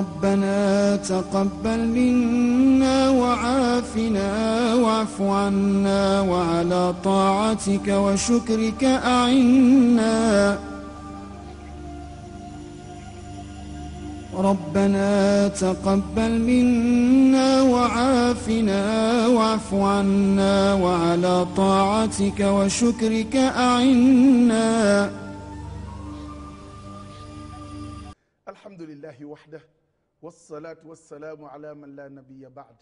ربنا تقبل منا وعافنا واعف عنا وعلى طاعتك وشكرك أعنا ربنا تقبل منا وعافنا واعف عنا وعلى طاعتك وشكرك أعنا الحمد لله وحده wasalaatu wasalaamu ala man laa nabiya baad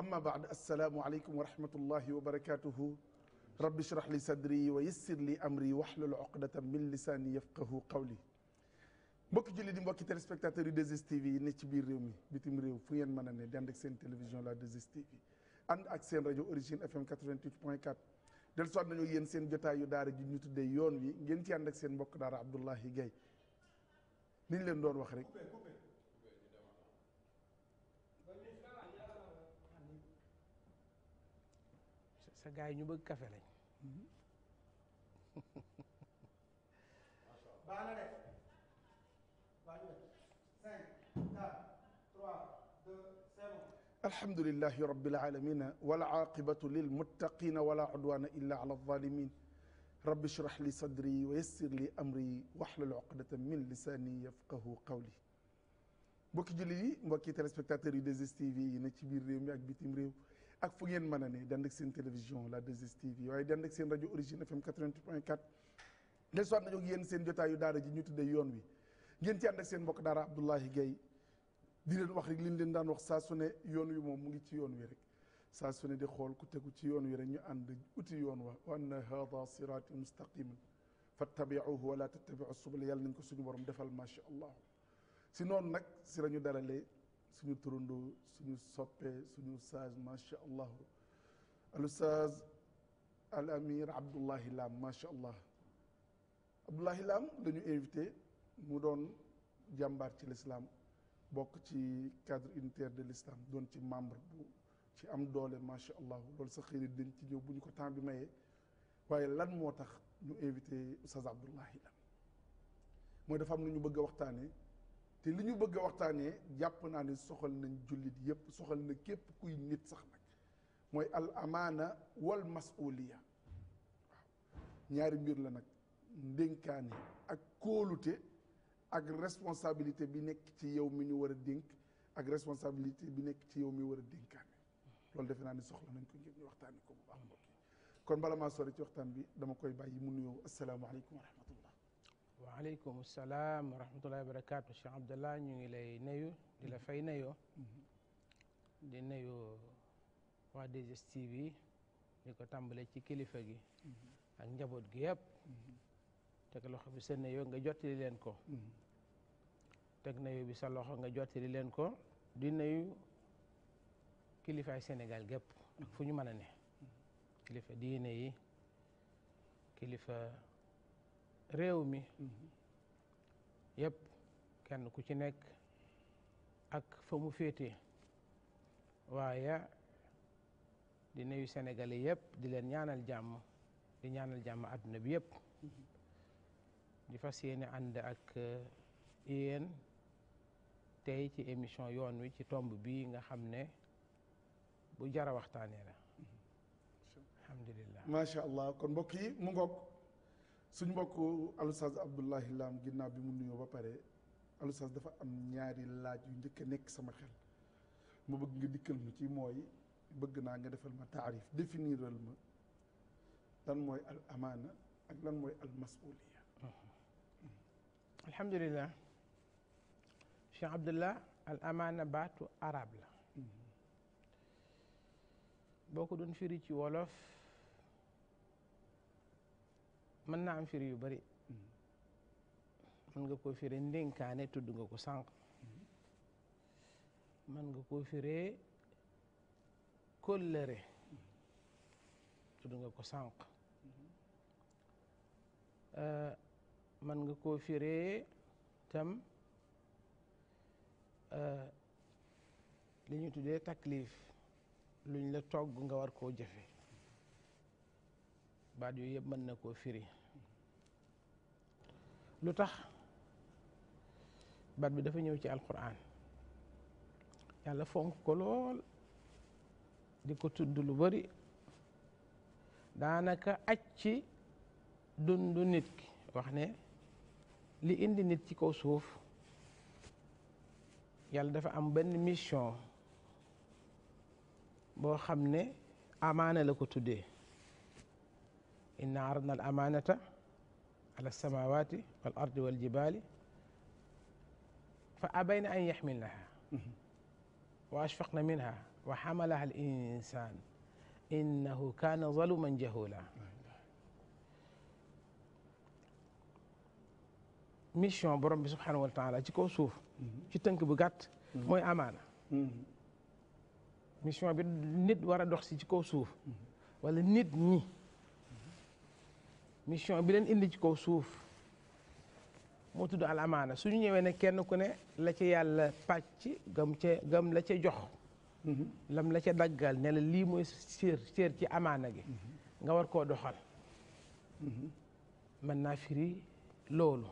amma baad assalaamu aleykum wa rahmatullahi wa barakatuhu rabbi shrah li sadri wa yassir li amri wahlul uqdatan min lisaani yafqahu qawli mbokki julli di mbokki téléspectateurs yu 2STV yi ne ci biir réew mi bitim réew fu ngeen mën a ne di ànd ak seen télévision la 2STV ànd ak seen rajo origine fm 88 point 4 del soit nañu yéen seen jotaay yu daara ji ñu tuddee yoon wi ngeen ci ànd ak seen mbokk daara Abdoulahi Gaye niñ leen doon wax rek que gars yi ñu bëgg café lañ. baax na def baax na def cinq quatre trois deux c'est bon. alhamdulilahi rabbil aalamiina wal aaqibatu lil muttaqiina wala udwaana illaa ala zaalimiin rabbi shrah li sadri wa yassir li amri wahlul uqdatan min lisaani yafqahu qawli mbokki jullit yi mbokki téléspectateurs yu 2STV yi ne ci biir réew mi ak bitim réew. ak fu ngeen mën a ne dend ak seen télévision la 2STV waaye dend ak seen rajo origine FM 88.4 del soit nañu yéen seen jotaayu daara ji ñu tuddee yoon wi ngeen ci ànd seen mbokk daara Abdoulahi Gaye di wax rek liñ daan wax saa yoon wi moom mu ngi ci yoon wi rek saa su ne di xool ku tegu ci yoon wi rek ñu ànd uti yoon wa wa anna hada sirati mustaqiman fattabiuhu wala tattabiu subula yàlla nañ ko suñu borom defal macha allah si suñu turandoo suñu soppee suñu sage macha allah al ustaaz al amir Abdoulahi Lam macha allah Abdoulahi Lam la ñu invité mu doon jàmbaar ci l'islam bokk ci cadre unitaire de l'islam doon ci membre bu ci am doole macha allah loolu sa xëy dañ ci ñëw bu ñu ko temps bi mayee waaye lan moo tax ñu invité ustaaz Abdoulahi Lam mooy dafa am lu ñu bëgg a waxtaanee. te li ñu bëgg a waxtaanee jàpp naa ne soxal nañ jullit yépp soxal na képp kuy nit sax nag mooy al wal masuliya waaw ñaari mbir la nag ndénkaane ak kóolute ak responsabilité bi nekk ci yow mi ñu war a dénk ak responsabilité bi nekk ci yow mi war a dénkaane loolu defe naa ne soxla nañ ko ngir ñu waxtaanee ko kon bala maa sori ci waxtaan bi dama koy bàyyi mu nuyoo asalaamaaleykum wa rahmatulah waaleykum salaam wa rahmatullahi wa barakaatu Cheikh Abdallah ñu ngi lay nuyu di la fay nuyoo mm-hmm. di nuyu waa 2 di ko tàmbale ci kilifa gi mm-hmm. ak njaboot gi yëpp mm-hmm. teg loxo bi sa nuyoo nga jottali leen ko teg nuyoo bi sa loxo nga jottali leen ko di nuyu kilifaay senegal gépp ak fu ñu mën a ne kilifa diine yi kilifa réew mi mhm. yëpp kenn ku ci nekk ak fa mu féete waaye di nuyu Sénégalais yëpp di leen ñaanal jàmm di ñaanal jàmm àdduna bi yëpp mhm. di fas yéene ànd ak uh, yéen tey ci émission yoon wi ci tomb bii nga xam ne bu jara waxtaanee la mhm. alhamdulilah macha allah kon mbokk mu ngoog suñ mbokk Aloustaaz Abdoulaye Lam ginnaaw bi mu nuyoo ba pare Aloustaaz dafa am ñaari laaj yu njëkk a nekk sama xel ma bëgg nga dikkal mu ci mooy bëgg naa nga defal ma taarif définiral ma lan mooy al amaana ak lan mooy al masuuliya alhamdulilah Cheikh al amaana baatu arab la mm-hmm. boo ci wolof mën naa am firi yu bari mm-hmm. mën nga koo firee ndénkaane tudd nga ko sànq mm-hmm. mën nga koo firee kóllëre mm-hmm. tudd nga ko sànq euh, mën nga koo firee tam euh, li ñu tuddee taklif luñ la togg nga war koo jëfe baat yooyu yëpp mën na koo firi lu tax baat bi dafa ñëw ci alquran yàlla fonk ko lool di ko tudd lu bari daanaka aj ci dundu nit wax ne li indi nit ci kaw suuf yàlla dafa am benn mission boo xam ne amaana la ko tuddee naar aradna al amaanata ala samawati wal ardi wal jibali fa abayna an yaxmilnaha wa ashfaqna minha wa xamalaha al insan innahu kaana zaluman jahula mission borom bi subhanahu wa taala ci kaw suuf ci tënk bu gàtt mooy amaana mission bi nit war a dox si ci kaw suuf wala nit ñi mission bi leen indi ci kaw suuf moo tudd al amaana suñu ñëwee ne kenn ku ne la ci yàlla pàcc gam ca gam la ca jox mm-hmm. lam la ca daggal ne lii mooy séer séer ci amaana gi mm-hmm. nga war koo doxal mm-hmm. mën naa firi loolu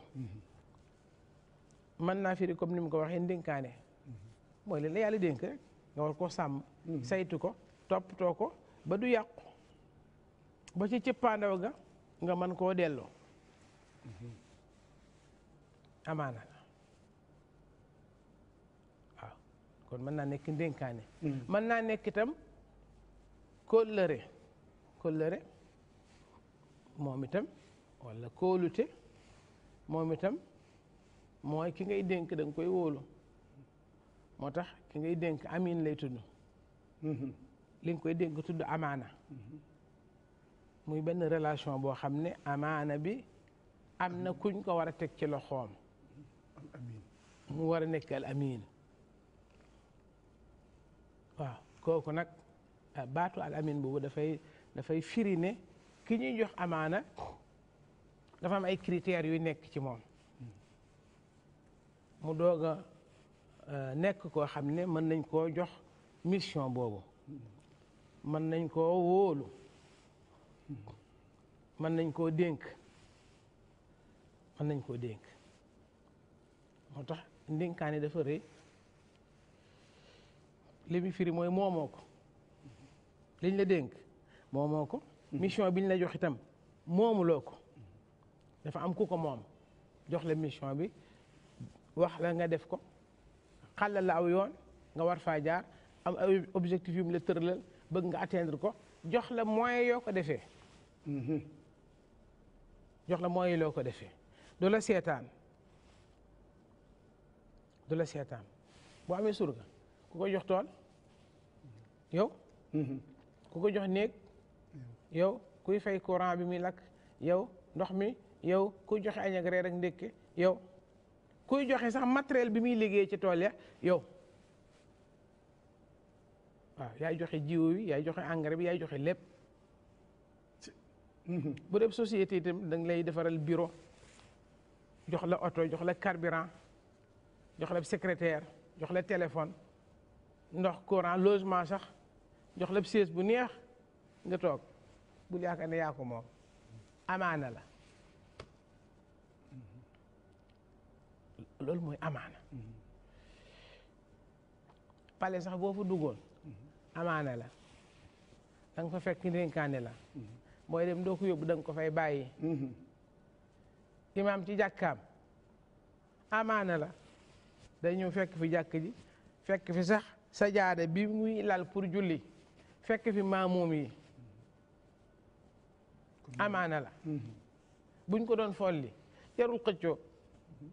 mën naa firi comme ni mu ko waxee ndénkaane mooy leen la yàlla dénk rek nga war koo sàmm saytu ko toppatoo ko ba du yàqu ba ci cëppaandaw ga nga mën koo delloo amaana la waaw kon mën naa nekk ndénkaane mm. mën naa nekk itam kóllëre kóllëre moom itam walla kóolute moom itam mooy ki ngay dénk da nga koy wóolu moo tax ki ngay dénk amin lay tudd mm-hmm. li nga koy dénk tudd amaana mm-hmm. muy benn relation boo xam ne amaana bi am na kuñ ko war a teg ci loxoom mu war a nekk al amin waaw kooku nag ah, baatu al amin boobu dafay dafay ne ki ñuy jox amaana dafa am ay critères yu nekk ci moom hmm. mu doog a eh, nekk koo xam ne mën nañ koo jox mission boobu hmm. mën nañ koo wóolu mën nañ koo dénk mën nañ koo dénk moo tax ndénkaane dafa rëy li mu firi mooy moomoo ko liñ la dénk moomoo ko hmm. mission biñ la jox itam moomuloo ko dafa am ku ko moom jox la mission bi waxla nga def ko xàllal la aw yoon nga war faa jaar am ay objectif yu mu la bëgg nga atteindre ko jox la moyen yoo ko defee Mhm. jox la mooy loo ko defee du la seetaan du la seetaan boo amee surga ku ko jox tool yow mhm. ku ko jox néeg yow kuy fay courant bi muy lakk yow ndox mi yow kuy joxe añ ak reer ak ndékke yow kuy joxe sax matériel bi muy liggéey ci tool ya yow waaw yaay joxe jiw bi yaay joxe engrais bi yaay joxe lépp bu dee société itam da lay defaral bureau jox la oto jox la carburant joxla la secrétaire jox la téléphone ndox courant logement sax jox la siège bu neex nga toog bul yaakaar ne yaa moom amaana la loolu mooy amaana pale sax boo fa duggoon amaana la da nga fa fekk ndénkaane la mooy dem doo ko yóbbu da ko fay bàyyi mhm. imaam ci jàkkaam amaana la day ñëw fekk fi jàkk ji fekk fi sax sajaada bi muy lal pour julli fekk fi maamuum yi amaana la mhm. buñ ko doon folli jarul xëccoo mhm.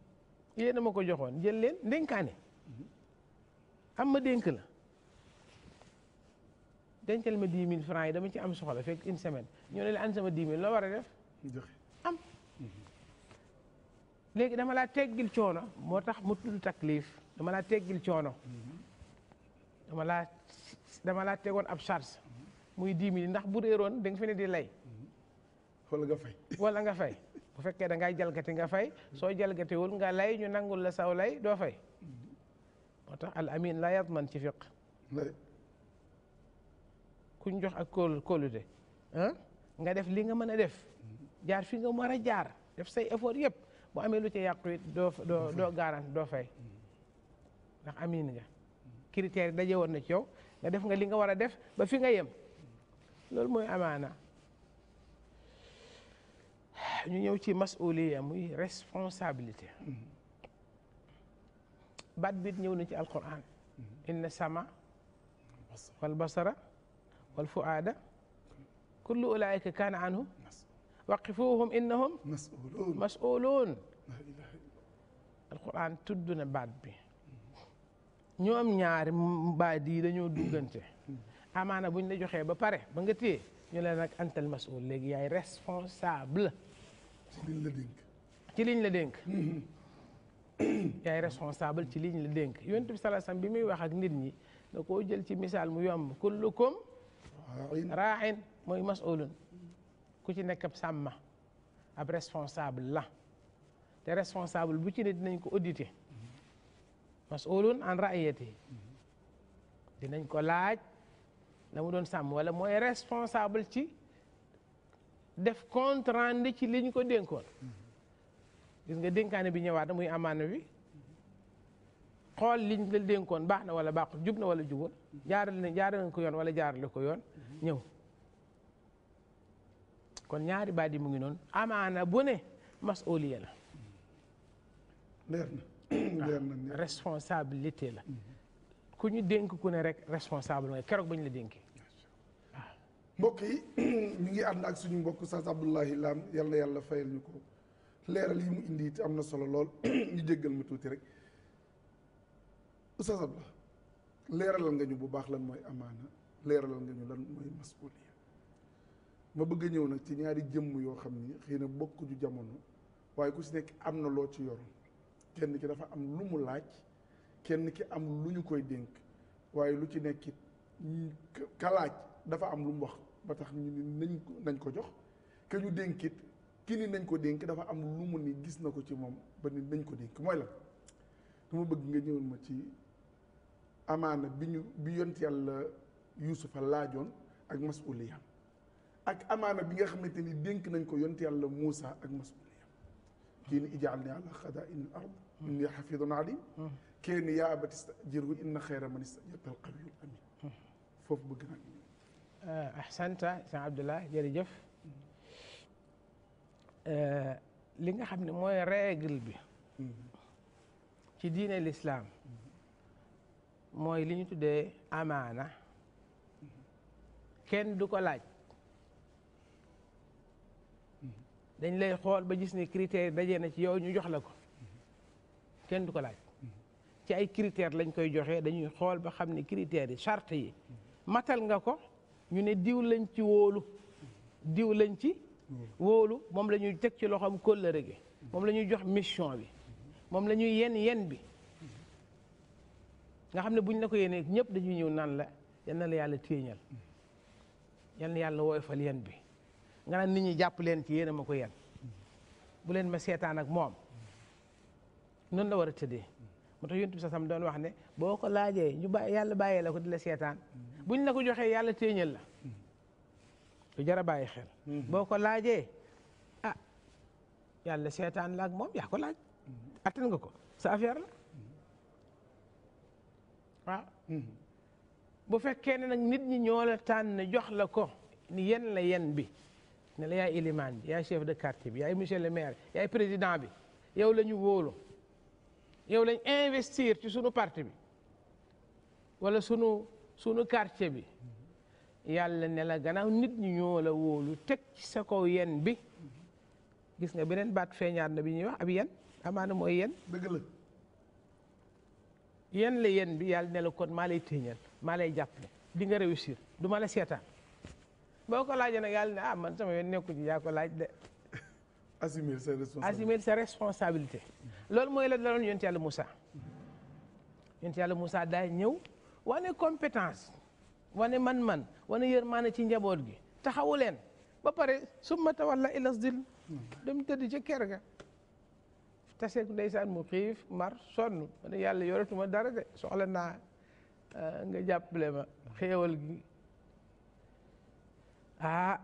yéen a ma ko joxoon jël leen ndénkaane am ma dénk la dencal ma 10 000 francs yi dama ci am soxla fekk une semaine ñoo ne la an sama 10 000 loo war a def. am. léegi dama laa teggil coono moo tax mu tudd taklif dama laa teggil coono. dama laa dama laa tegoon ab charge. muy 10 000 ndax bu roon da nga fi ne di lay. wala nga nga fay bu fekkee da ngay jalgati nga fay soo jalgatiwul nga lay ñu nangul la saw lay doo fay. moo tax al amin la yatman ci fiq kuñ jox ak kóol kóolute ah nga def li nga mën a def jaar fi nga war a jaar def say effort yëpp bu amee lu ci yàqu it doo doo doo garanti doo fay ndax amin nga critère yi daje woon na ci yow nga def nga li nga war a def ba fi nga yem loolu mooy amaana ñu ñëw ci masuliya muy responsabilité bat biit ñëw na ci alquran inna sama wal basara wal fuaada kullu ulaayika kaana anhu waqifuuhum innahum mas'uluun alquran tudd na baat bi ñoom ñaari baat yi dañoo duggante amaana buñ la joxee ba pare ba nga téye ñu la nag antal mas'ul léegi yaay responsable ci liñ la dénk ci liñ la dénk mm-hmm. yaay responsable ci la dénk yonent bi bi muy wax ak nit ñi da koo jël ci misaal mu yomb kullukum raain mooy masulun ku ci nekk ab sàmm ab responsable la te responsable bu ci ne dinañ ko audité masulun an raiyati dinañ ko laaj la mu doon sàmm wala mooy responsable ci def compte rendu ci li ko dénkoon gis nga dénkaane bi ñëwaat na muy amaana bi xool liñ la dénkoon baax na wala baaxul jub na wala jubul jaarale na jaarale ko yoon wala jaarale ko yoon ñëw kon ñaari baat yi mu ngi noonu amaana bu ne masoliya la leer na leer na responsabilité la ku ñu dénk ku ne rek responsable nga keroog bañ la dénkee waaw mbokk yi ñu ngi ànd ak suñu mbokk Oustaz Abdoulaye Lam yal na yàlla fayal ñu ko leeral yi mu indi it am na solo lool ñu jéggal ma tuuti rek Oustaz Abdallah leeralal nga ñu bu baax lan mooy amaana leeralal nga ñu lan mooy masuuliya ma bëgg ñëw nag ci ñaari jëmm yoo xam ni xëy na bokk ju jamono waaye ku si nekk am na loo ci yoroon kenn ki dafa am lu mu laaj kenn ki am lu ñu koy dénk waaye lu ci nekkit ka dafa am lu mu ba tax ñu ko nañ ko jox ke dénkit ki ni nañ ko dénk dafa am lu mu ni gis na ko ci moom ba ni nañ ko dénk mooy la dama bëgg nga ñëwal ma ci amaana bi ñu bi yont yàlla yuusufa laajoon ak masuliyam ak amaana bi nga xamante ni dénk nañ ko yont yàlla muusa ak masuliyam kiini ijaal ni ala xada in al ard inni xafidun alim kenn yaa abati stajirhu inna xayra man istajarta al qawiyul amin foofu bëgg naa ñëw eh, ahsanta sëñ Abdullah jërëjëf eh, li nga xam ne mooy règle bi mm-hmm. ci diine l'islam mooy li ñu tuddee amaana kenn du ko laaj dañ lay xool ba gis ne critères dajee na ci yow ñu jox la ko kenn du ko laaj ci ay critères lañ koy joxe dañuy xool ba xam ni critères yi charte yi matal nga ko ñu ne diw lañ ci wóolu diw lañ ci wóolu moom lañuy ñuy teg ci loxoom kóllëre gi moom la ñuy jox mission bi moom lañuy ñuy yen yen bi nga xam ne buñ la ko yéenee ñëpp dañuy ñëw naan la yal na la yàlla yan yal na yàlla woyofal yéen bi nga naan nit ñi jàpp leen ci yéen a ma ko yéen bu leen ma seetaan ak moom noon la war a tëddee moo tax yonent bi sasam doon wax ne boo ko laajee ñu yàlla bàyyee la ko di seetaan buñ la ko joxee yàlla téeñal la lu jar a bàyyi xel ko laajee ah yàlla seetaan la ak moom yaa ko laaj attan nga ko sa affaire la ah bu fekkee ne nag nit ñi ñoo la tànn jox la ko ni yen la yen bi ne la yaay ilimaan bi yaay chef de quartier bi yaay monsieur le maire yaay président bi yow lañu ñu wóolu yow lañ investir ci sunu parti bi wala sunu sunu quartier bi yàlla ne la gannaaw nit ñi ñoo la wóolu teg ci sa kaw yen bi gis nga beneen baat feeñaat na bi ñuy wax ab yen amaana mooy yen dëgg yéen la yéen bi yàlla ne kon maa lay téeñal maa lay jàppale di nga réussir duma ma la seetaan boo ko laajee nag yàlla ne ah man sama yoon nekku ci yaa laaj de. assumer sa responsabilité assumer sa responsabilité. loolu mooy la daloon yonent yàlla Moussa yonent yàlla Moussa daay ñëw wane compétence wane man-man wane yërmaane ci njaboot gi taxawu leen ba pare summa tawalla ila zil dem tëdd ca kër ga. taseeg ndeysaan mu xiif mar sonn ma ne yàlla yoretuma dara de soxla naa euh, nga jàppale ma xéewal gi ah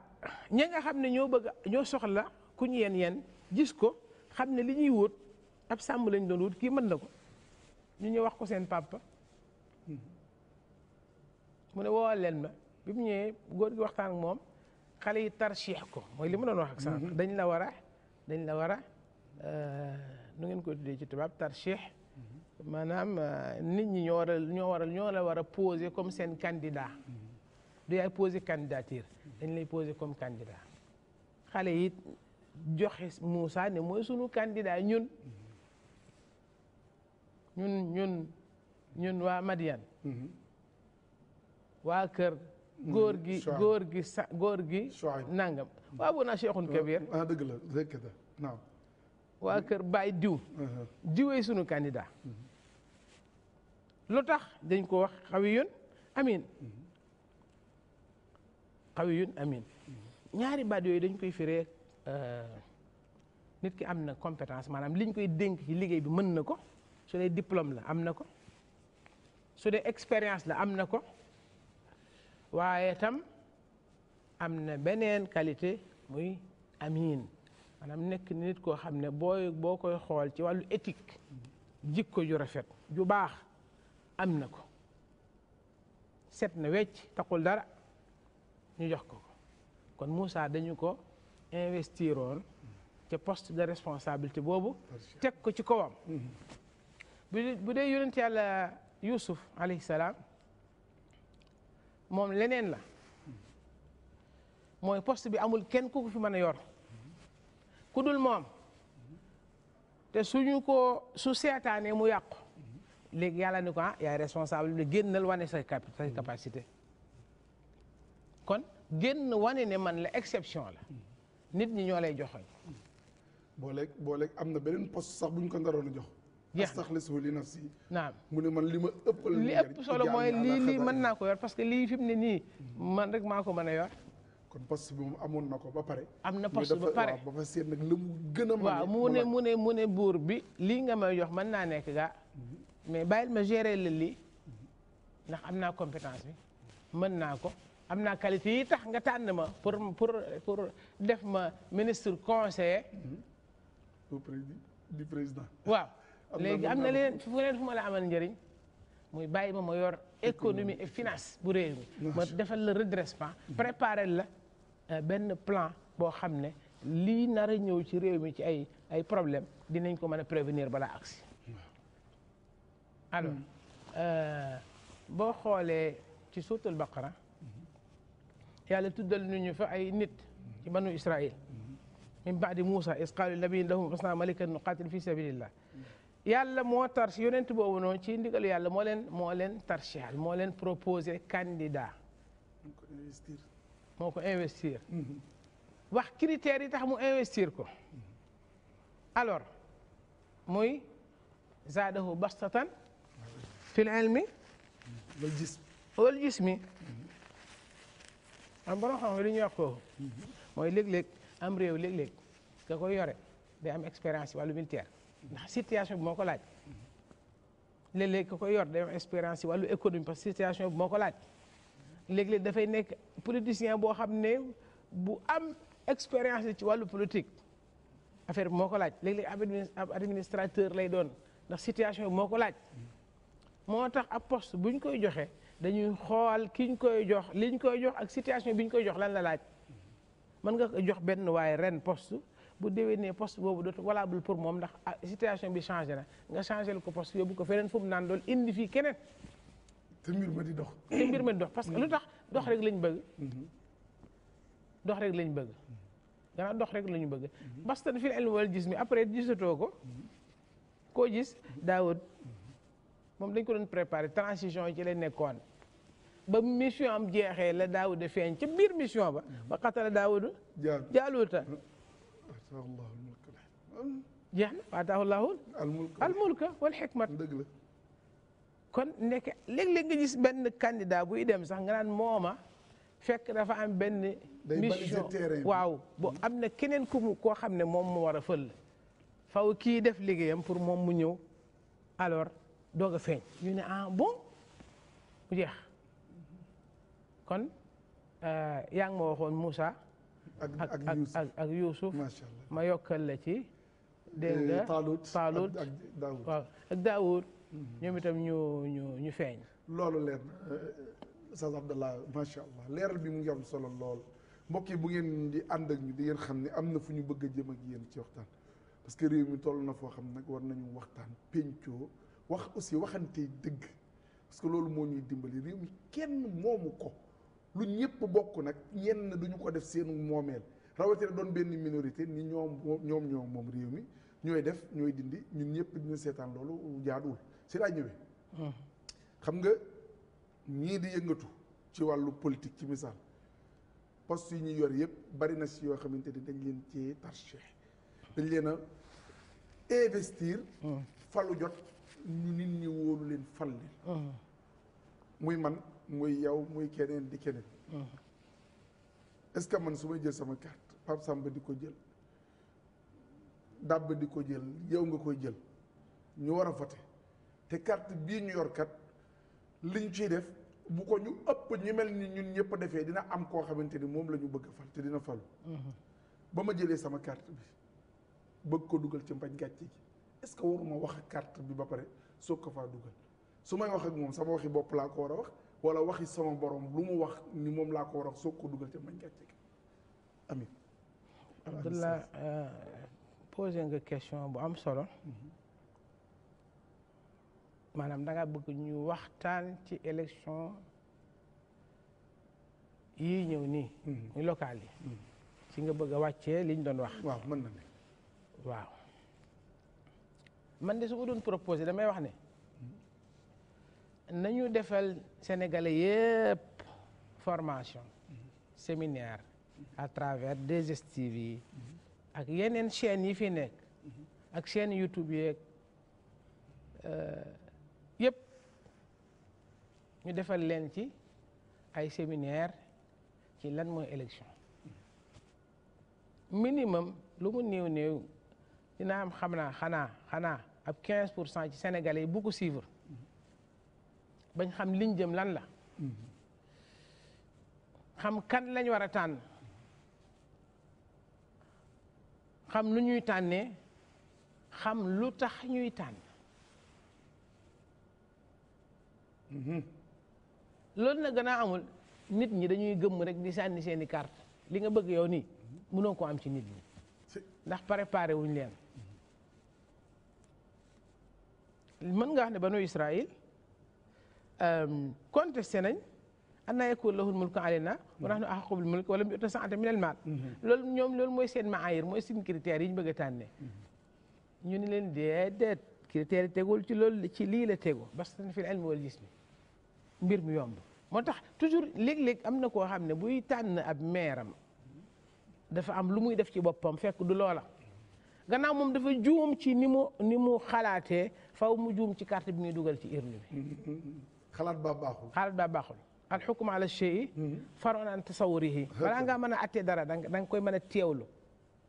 ñi nga xam ne ñoo bëgg ñoo soxla ku ñu yen yen gis ko xam ne li ñuy wut ab sàmm lañ doon wut kii mën na ko ñu ñëw wax ko seen papa mu ne woo leen ma bi mu ñëwee góor gi waxtaan moom xale yi tarsiix ko mooy li ma doon wax ak sànq mm-hmm. dañ la war a dañ la war a euh, nu ngeen koy tuddee ci tubab tarchih maanaam euh, nit ñi ñoo war a ñoo war a ñoo la war a poser comme seen candidat du yaay poser candidature dañ lay poser comme candidat xale yi joxe Moussa ne mooy sunu candidat ñun ñun ñun ñun waa Madiane kër góor gi góor gi sa góor gi nangam waa bu naa cheikhun kabir ah, waa kër Baye diw uh-huh. diwee sunu candidat lu tax dañ ko wax xawiyun amin uh-huh. xawiyun amin uh-huh. ñaari baat yooyu dañ koy firee uh, nit ki am na compétence maanaam liñ koy dénk ci liggéey bi mën na ko su dee diplôme la am na ko su dee expérience la am na ko waaye tam am na beneen qualité muy amin maanaam nekk nit koo xam ne booy boo koy xool ci wàllu éthique jikko ju rafet ju baax am na ko set na wecc taxul dara ñu jox ko kon Moussa dañu ko investiroon ca post de responsabilité boobu teg ko ci kawam bu dee yonent yàlla Yuusuf alayhi salaam moom leneen la mooy post bi amul kenn ku ko fi mën a yor ku dul moom te suñu ko su seetaanee mu yàqu léegi yàlla ni ko ah yaay responsable de génnal wane sa capacité kon génn wane ne man la exception la nit ñi ñoo lay joxoñ booleeg booleeg am na beneen poste sax bu ñu ko ndaroon a jox astaxlisu li nafsi naam mu ne man li ma ëppal li ëpp solo mooy lii lii mën naa ko yor parce que lii fi mu ne nii man rek maa ko mën a yor kon poste bi moom amoon na ko ba pare. am na poste ba pare ba fa nag la mu gën a. waaw mu ne mu ne mu buur bi lii nga may jox man naa nekk gaa. Mhm. mais bàyyil ma gérer la lii ndax am naa compétence bi mën naa ko am naa qualité yi tax nga tànn ma pour pour pour def ma ministre conseiller. Mhm. du président. waaw léegi am na leneen fu leen fu ma la amal njëriñ. muy bàyyi ma ma yor économie et finance bu réew mi ma defal la redressement préparer la euh, benn plan boo xam ne lii nar a ñëw ci réew mi ci ay ay problème dinañ ko mën a prévenir balaa agsi alors hmm. euh, boo xoolee ci suutul baqara yàlla tuddal nu fa ay nit ci banu israil hmm. min baadi moussa isqaalu nabiyin lahum asna malikan nuqatil fi sabilillah yàlla moo tar yonent boobu noonu ci ndigal yàlla moo leen moo leen tarchal moo leen proposé candidat moo ko investir mhm. wax critères yi tax mu investir ko alors muy zaadahu bastatan fil ilmi wal jismi wal jismi am borom xam li ñuy wax ko mhm. mooy réew léeg-léeg nga koy yore day am expérience wàllu militaire ndax situation bi moo ko laaj léeg-léeg ku koy yor day am expérience ci wàllu économie parce que situation bi moo ko laaj léeg-léeg dafay nekk politicien boo xam ne bu am expérience ci wàllu politique affaire bi moo ko laaj léeg-léeg ab administrateur lay doon ndax situation bi moo ko laaj moo tax ab poste buñ ñu koy joxe dañuy xool ki koy jox li ñu koy jox ak situation bi ñu koy jox lan la laaj mën nga jox benn waaye ren poste bu déwénee poste boobu dootu valable pour moom ndax ah, situation bi changé na nga changé ko poste yóbbu ko feneen fu naan doon indi fii keneen. te mbir ma di dox. te mbir ma di dox parce lu tax dox rek lañ bëgg. Mm-hmm. dox rek lañ bëgg. Mm-hmm. gannaaw dox rek lañu bëgg. bastan fil ilmi wal jismi après gisatoo ko. Mm-hmm. koo gis moom dañ ko doon préparé transition yi ci lay nekkoon. ba mission am jeexee la daawuda feeñ ca biir mission ba. ba xatala daawuda jaaloota ataahu llahu almulka alxikma jeex na wa ataahu wal xikmat kon nekk léeg-léeg nga gis benn candidat buy dem sax nga naan mooma fekk dafa am benn mission waaw bu am na keneen ku mu koo xam ne moom mu war a fël faw kii def liggéeyam pour moom mu ñëw alors doog a feeñ ñu ne ah bon mu jeex kon euh, yaa ngi ma waxoon ak ak ak ak Yuusuf ma yokkal la ci dégg nga eh, Taalut Taalut ak Daawud ak Daawud mhm. ñoom itam ñu ñu ñu feeñ loolu leer na eh, eh, Sëñ Abdallah macha allah leeral bi mu ngi am solo lool mbokk yi bu ngeen di ànd ak ñu di ngeen xam ne am na fu ñu bëgg a jëm ak yéen ci waxtaan parce que réew mi toll na foo xam nag war nañu waxtaan péncoo wax aussi waxante dëgg parce que loolu moo ñuy dimbali réew mi kenn moomu ko lu ñëpp bokk nag yenn duñu ko def seenu moomeel rawatina doon benn minorité ni ñoom ñoom ñoom moom réew mi ñooy def ñooy dindi ñun ñëpp dina seetaan loolu jaaduwul si laa ñëwee. Hmm. xam nga ñii di yëngatu ci wàllu politique ci misaal poste yi ñu yor yëpp bari na si yoo xamante ni dañ leen ci tarché dañ leen a investir. Hmm. falu jot ñu nit ñi wóolu leen fal leen. Hmm. muy man. muy yow muy keneen di keneen. Uh-huh. est-ce que man su may jël sama carte Pape Samba di ko jël Daba di ko jël yow nga koy jël ñu war a voté te carte bii ñu yor kat liñ ciy def bu ko ñu ëpp ñu mel ni ñun ñëpp defee dina am koo xamante ni moom la ñu bëgg fal te dina falu. Uh-huh. ba ma jëlee sama carte bi bëgg ko dugal ci mbañ gàcce gi est-ce que waruma wax ak carte bi ba pare soo ko faa dugal su may wax ak moom sama waxi bopp laa ko war a wax. wala waxi sama borom lu mu wax ni moom laa ko war a soog ko dugal te mañ gàcce amin Abdallah euh, posé nga question bu am solo mm-hmm. maanaam da nga bëgg ñu waxtaan ci élection yii ñëw nii mm-hmm. muy local yi mm-hmm. ci nga bëgg a wàccee liñ doon wax waaw mën na ne waaw man de su doon proposé damay wax ne nañu defal sénégalais yëpp formation séminaire à travers 2STV yi ak yeneen chaînes yi fi nekk ak chaîne YouTube yeeg euh, yëpp ñu defal leen ci ay séminaire ci lan mooy élection minimum lu mu néew néew dina am xam naa xanaa xanaa ab 15 pour cent ci sénégalais yi bu ko suivre bañ xam liñ jëm lan la xam kan lañ war a tànn xam lu ñuy tànnee xam lu tax ñuy tànn loolu na gën a amul nit ñi dañuy gëmm rek di sànni seeni kart li nga bëgg yow nii mënoo ko am ci nit ñi ndax préparé wuñ leen mën nga wax ne banu Israël Euh, contesté nañ an naa yakun lahul mulku alayna wa nahnu ahaqu bil mulk walam yu'ta saata min al maal mhm. loolu ñoom loolu mooy seen maayir mooy seen critères yi ñu bëgg a tànnee mhm. ñu ni leen déedéet critères yi tegul ci loolu ci lii la tegu bastan fil ilmi wal jismi mbir mu yomb moo tax toujours léeg-léeg am na koo xam ne buy tànn ab meeram dafa am lu muy def ci boppam fekk du loola gannaaw moom dafa juum ci ni mu ni mu xalaatee faw mu juum ci carte bi ñuy dugal ci bi xalaat baa baaxul xalaat baa baaxul alxukuma ala chey faroon an tasawurihi balaa ngaa mën a attee dara da nga koy mën a teewlu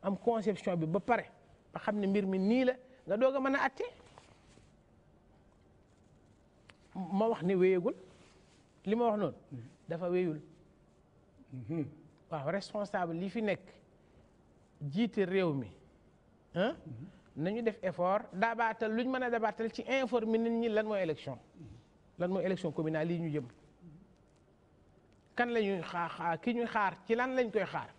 am conception bi ba pare ba xam ne mbir mi nii la nga doog a mën a attee ma wax ne wéyegul li ma wax noonu dafa wéyul mhm. waaw responsable li fi nekk jiite réew mi mhm. nañu def effort dabaatal luñ mën a dabaatal ci informer nit ñi lan mooy élection lan mooy élection communale lii ñu jëm kan la ñuy xaar ki ñuy xaar ci lan lañ koy xaar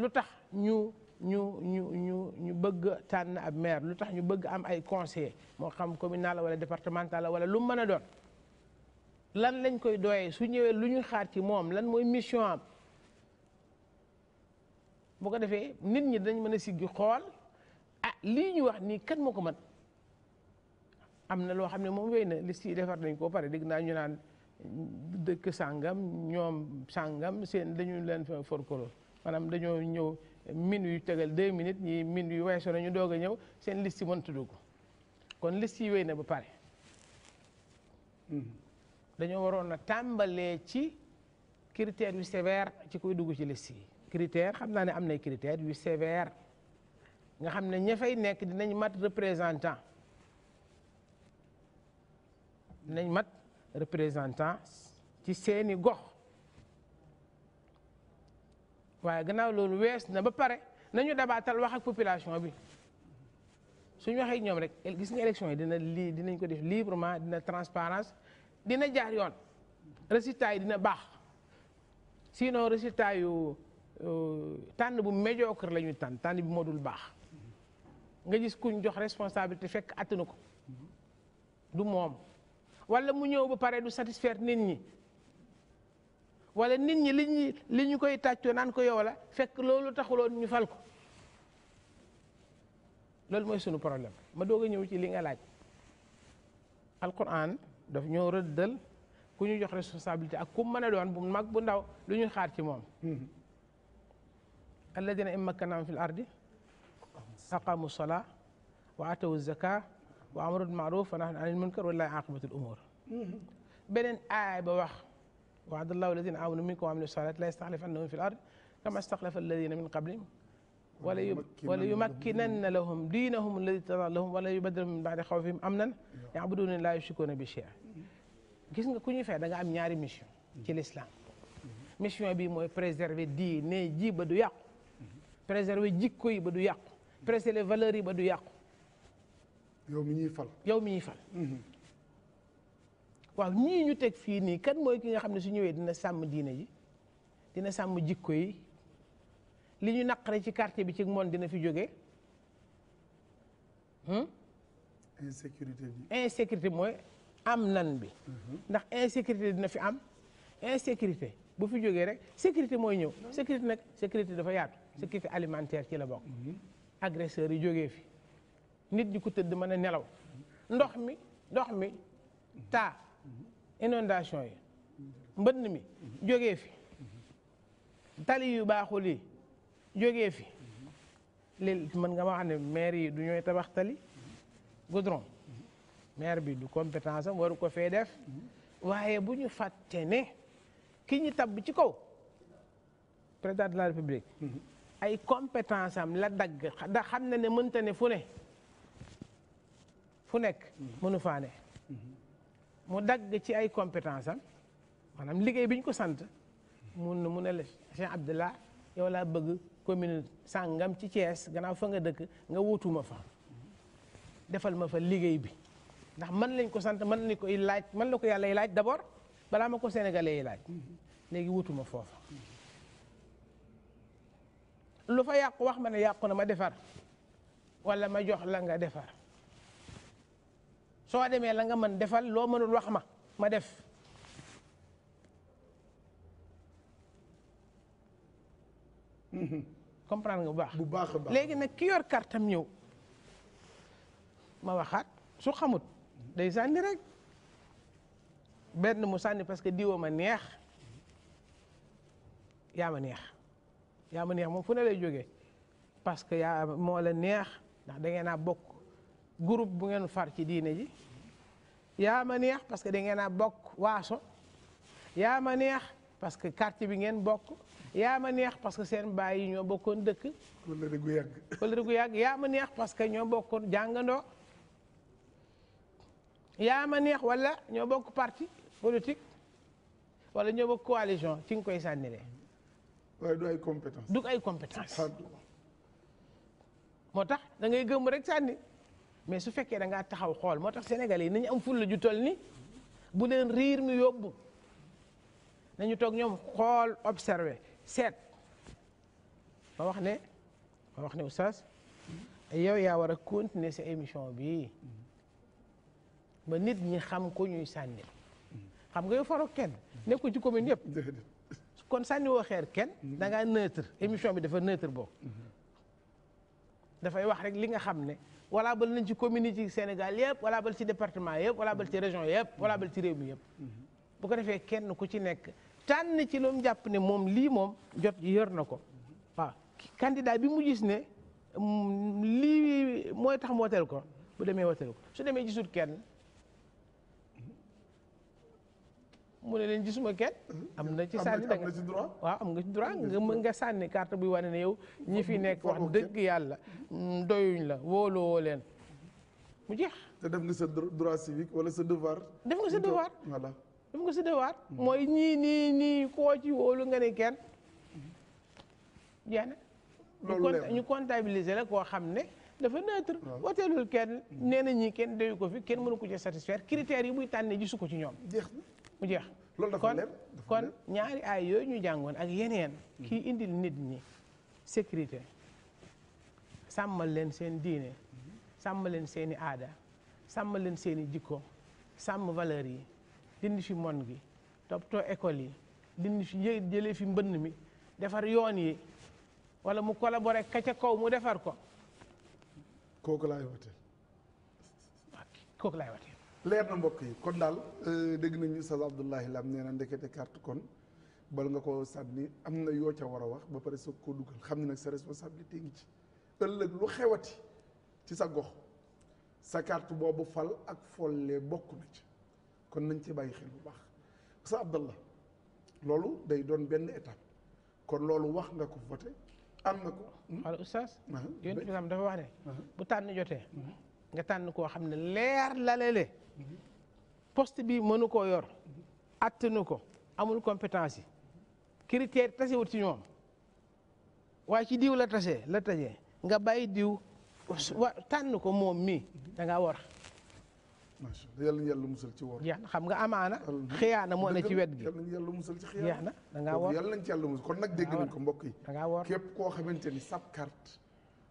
lu tax ñu ñu ñu ñu ñu bëgg tànn ab maire lu tax ñu bëgg am ay conseil moo xam la communal wala départemental wala lu mën a doon lan lañ koy doyee su ñëwee lu ñuy xaar ci moom lan mooy mission am bu ko defee nit ñi dañ mën a siggi xool a ah lii ñu wax nii kan moo ko mën am na loo xam ne moom yooyu na liste yi defar nañ ko pare dégg naa ñu naan dëkk sàngam ñoom sàngam seen dañu leen fa forkoloo maanaam dañoo ñëw min yu tegal deux minutes ñi min yu weesoo nañu doog a ñëw seen liste mën tudd ko kon liste yi wéy na ba pare hmm. dañoo waroon a tàmbalee ci critères yu sévère ci koy dugg ci liste yi critère xam naa ne am nay critère yu sévère nga xam ne ña fay nekk dinañ mat représentant nañ mat représentant ci seeni gox waaye gannaaw loolu wees na ba pare nañu dabaatal wax ak population bi suñu waxee ñoom rek gis nga élection yi dina lii dinañ ko def librement dina transparence dina jaar yoon résultat yi dina baax sinon résultat yu tànn bu médiocre la ñuy tànn bi moo baax nga gis kuñ jox responsabilité fekk attanu ko du moom wala mu ñëw ba pare du satisfaire nit ñi walla nit ñi li ñu li ñu koy tàccoo naan ko yow la fekk loolu taxuloon ñu fal ko loolu mooy sunu problème ma doog a ñëw ci li nga laaj alquran daf ñoo rëddal ku ñu jox responsabilité ak ku mën a doon bu mag bu ndaw lu ñuy xaar ci moom alladina in makkanaam fi l ardi aqamu salaa wa atawu zaka wa amru bil ma'ruf wa nahyu anil munkar walillahi aqibatul umur beneen aay ba wax wa'ada llahu alladhina amanu minkum wa amilu salihati la yastaxlifannahum fil ard kama staxlafa alladhina min qablihim wala yumakkinanna lahum diinahum alladi irtadaa lahum wala yubaddilahum min ba'di xawfihim amnan ya'buduuna laa yushrikuuna bi shay'an gis nga ku ñuy fay da nga am ñaari mission ci mm-hmm. l'islam mission bi mooy préserver diine ji ba du yàqu mm-hmm. préserver jikko yi ba du yàqu préserver valeurs yi ba du yàqu yow mi ñuy fal yow mi ñuy mm-hmm. ñii ñu teg fii nii kan mooy ki nga xam ne su ñëwee dina sàmm diine ji dina sàmm jikko yi li ñu rek ci quartier bi ci moom dina fi jóge hmm? insécurité in sécurité mooy am nan bi. Mm-hmm. ndax insécurité dina fi am in insécurité bu fi jógee rek sécurité mooy ñëw sécurité nag sécurité dafa yaatu. Mm-hmm. sécurité alimentaire ci la bokk. agresseurs yi jógee fi. nit ñi ko tëdd mën a nelaw ndox mi ndox mi taa inondation yi mbënn mi joge fi tali yu baaxul yi jógee fi léegi mën nga ma xam ne maire yi du ñooy tabax tali goudron maire bi du compétence am waru ko fee def waaye bu ñu fàtte ne ki ñu tabb ci kaw président de la république mm-hmm. ay compétence am la dagg da xam na ne mënta ne fu ne fu nekk mënu faa ne mu dagg ci ay compétence am maanaam liggéey bi ñu ko sant mun na mu ne la Cheikh Abdallah yow laa bëgg commune sàngam ci Thiès gannaaw fa nga dëkk nga wutuma fa defal ma fa liggéey bi ndax man lañ ko sant man lañ koy laaj man la ko yàlla yi laaj d'abord balaa ma ko sénégalais yi laaj léegi wutuma foofa lu fa yàqu wax ma ne yàqu na ma defar wala ma jox la nga defar soo demee la nga mën defal loo mënul wax ma ma def comprendre nga bu baax bu baax a baax léegi nag ki kartam ñëw ma waxaat su xamut day sànni rek benn mu sànni parce que diwa ma neex yaa ma neex yaa ma neex moom fu ne lay parce que yaa moo neex ndax da naa a bokk groupe bu ngeen far ci diine ji yaa ma neex parce que da ngeen a bokk waaso yaa ma neex parce que quartier bi ngeen bokk yaa ma neex parce que seen baay ñoo bokkoon dëkk. kóllëre gu yàgg kóllëre gu yàgg yaa ma neex parce que ñoo bokkoon jàngandoo yaa ma neex wala ñoo bokk parci politique wala ñoo bokk coalition ci koy sànnilee. waaye du ay compétence. du moo tax da ngay gëm rek sànni. mais su fekkee da ngaa taxaw xool moo tax Sénégalais yi nañu am fulla ju toll ni bu leen riir mi yóbbu nañu toog ñoom xool observé seet ma wax ne ma wax ne oustaz yow yaa war a continuer sa émission bi ba nit ñi xam ko ñuy sànni xam nga yow faroo kenn nekku ci commune yëpp kon sànni woo xeer kenn da ngaa neutre émission bi dafa neutre boobu mm-hmm. dafay wax rek li nga xam ne wala bal nañ ci communes yi Sénégal yëpp wala bal ci département yëpp wala bal ci mhm. région yëpp wala bal ci réew mi yëpp mhm. bu ko defee kenn ku ci nekk tànn ci lu mu jàpp ne moom lii moom jot ji yor na ko mhm. waaw candidat bi mu gis ne mm, lii mooy tax mu woteel ko bu demee woteel ko su demee gisul kenn mu ne leen gisuma kenn mhm. am na ci sànni da nga waaw am nga ci droit nga mën nga sànni carte bi wane ne yow ñi fi nekk wax dëgg yàlla mm, doyuñ la wóoloo leen mu jeex te def nga sa droit civique wala sa devoir def nga sa devoir voilà def nga sa devoir mm. mooy ñii nii nii koo ci wóolu nga ne kenn jeex na ñu comptabiliser la koo xam ne dafa neutre woteelul kenn mm. nee na ñi kenn doyu ko fi kenn mënu ku ci satisfaire critères yi muy tànnee gisu ko ci ñoom jeex na mu jeex. loolu dafa leer kon ñaari aay yooyu ñu jàngoon ak yeneen. kii indil nit ñi sécurité sàmmal leen seen diine sàmmal leen seen i aada sàmmal leen seeni i jikko sàmm valeur yi dindi fi mon gi toppatoo école yi dindi fi jëlee fi mbënn mi defar yoon yi wala mu collaboré ka ca kaw mu defar ko. kooku laay wate. kooku leer na mbokk yi kon daal euh, dégg nañu Oustaz Abdoulaye Lam nee na ndekete carte kon bal nga ko sànni am na yoo ca war a wax ba pare sa koo dugal xam ne nag sa responsabilité ngi ci ëllëg lu xewati ci sa gox sa carte boobu fal ak folle bokk kon nañ ci bàyyi xel bu baax sa Abdallah loolu day doon benn étape kon loolu wax nga ko voté am na ko. wala hmm? oustaz. yéen dafa wax ne. bu tànn jotee. nga tànn koo xam ne leer la lele poste bi mënu koo yor attanu ko amul compétence yi critère tasewut ci ñoom waaye ci diw la tase la tasee nga bàyyi diw wa tànn ko moom mii da ngaa war yàlla yàlla musal ci wor jeex na xam nga amaana xiyaana moo ne ci wet gi yàlla musal ci xiyaana jeex na da ngaa wor yàlla nañ ci yàlla musal kon nag dégg ko mbokk yi da ngaa wor képp koo xamante ni sab kart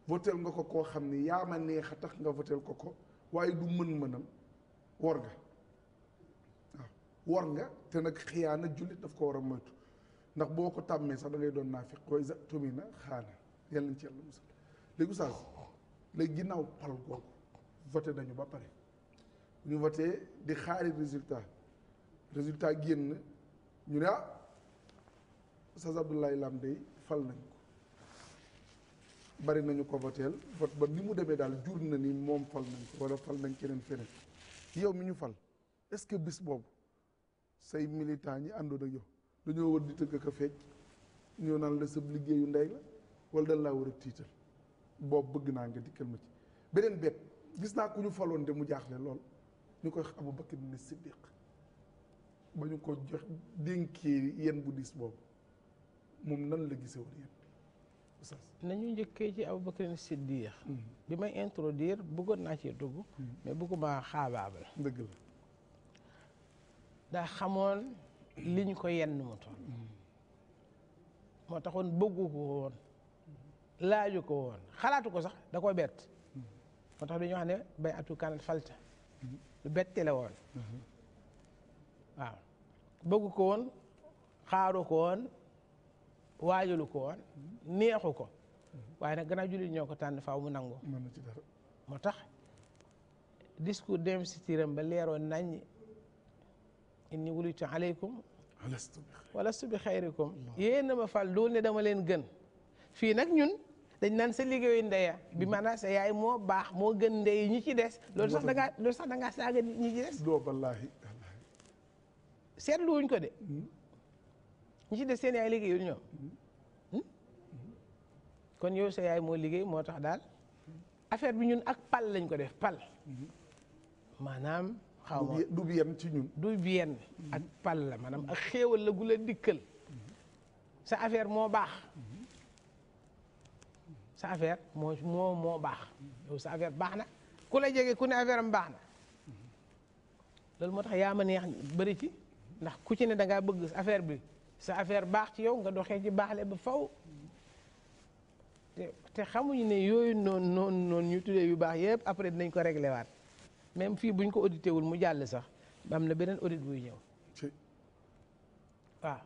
votel nga ko koo xam ni yaa ma neex a tax nga votel ko ko waaye du mën-mënam wor nga waaw wor nga te nag xiyaana jullit daf ko war a moytu ndax boo ko tàmmee sax da doon naa fiq koy tumi xaana yàlla nañ ci yàlla musal léegi oustaz léegi ginnaaw pal googu voté nañu ba pare ñu voté di xaari résultat résultat génn ñu ne ah oustaz Abdoulaye Lam day fal nañ ko bari nañu ko voteel vote ba ni mu demee daal jur na ni moom fal nañ ko wala fal nañ keneen feneen yow mi ñu fal est-ce que bis boobu say militant ñi àndoon ak yow dañoo war di tëgg ak a fecc ñoo naan la sab liggéeyu ndey la wala dañ laa war a tiital boobu bëgg naa nga dikkal ma ci beneen bet gis naa ko ñu faloon de mu jaaxle lool ñu koy wax Abu Bakr ni Siddiq ba ñu ko jox dénkee yenn bu diis boobu moom nan la gisee woon nañu njëkkee ci Aboubacar Siddiq bi may introduire bëggoon naa ci dugg mais bëgguma xaabaabal dëgg la daa xamoon li ko yenn mu toon moo taxoon bëggu ko laaju ko woon xalaatu ko sax da ko bett moo tax dañoo xam ne bay atu kanat falta lu bette la woon waaw bëggu ko waajalu ko woon neexu ko waaye nag gannaaw jullit ñoo ko tànn faaw mu nangoo moo tax si d'investiram ba leeroon nañ inni wulitu aleykum walastu bi ko yéen na ma fal dool ne dama leen gën fii nag ñun dañ naan sa liggéeyu ndeya bi maanaam sa yaay moo baax moo gën ndey ñi ci des loolu sax dangaa sax dangaa saaga ñi ci des doo wallaahi ko de hmm? ñu ci des seen yaay liggéeyul ñoom hmm? kon yow sa yaay moo liggéey moo tax daal affaire bi ñun ak pal lañ ko def pal maanaam xaw ma bien ñun du ak pal la maanaam ak xéewal la gu dikkal sa affaire moo baax sa affaire moo moo moo baax yow sa affaire baax na ku la jege ku ne affaire am baax na loolu moo tax yaa ma neex bëri ci ndax ku ci ne da ngaa bëgg affaire bi sa affaire baax ci yow nga doxee baax leen ba faw te te xamuñu ne yooyu noonu noonu noonu ñu tuddee yu baax yëpp après dinañ ko réglé waat même fii buñ ko audité wul mu jàll sax am na beneen audit wuy ñëw waaw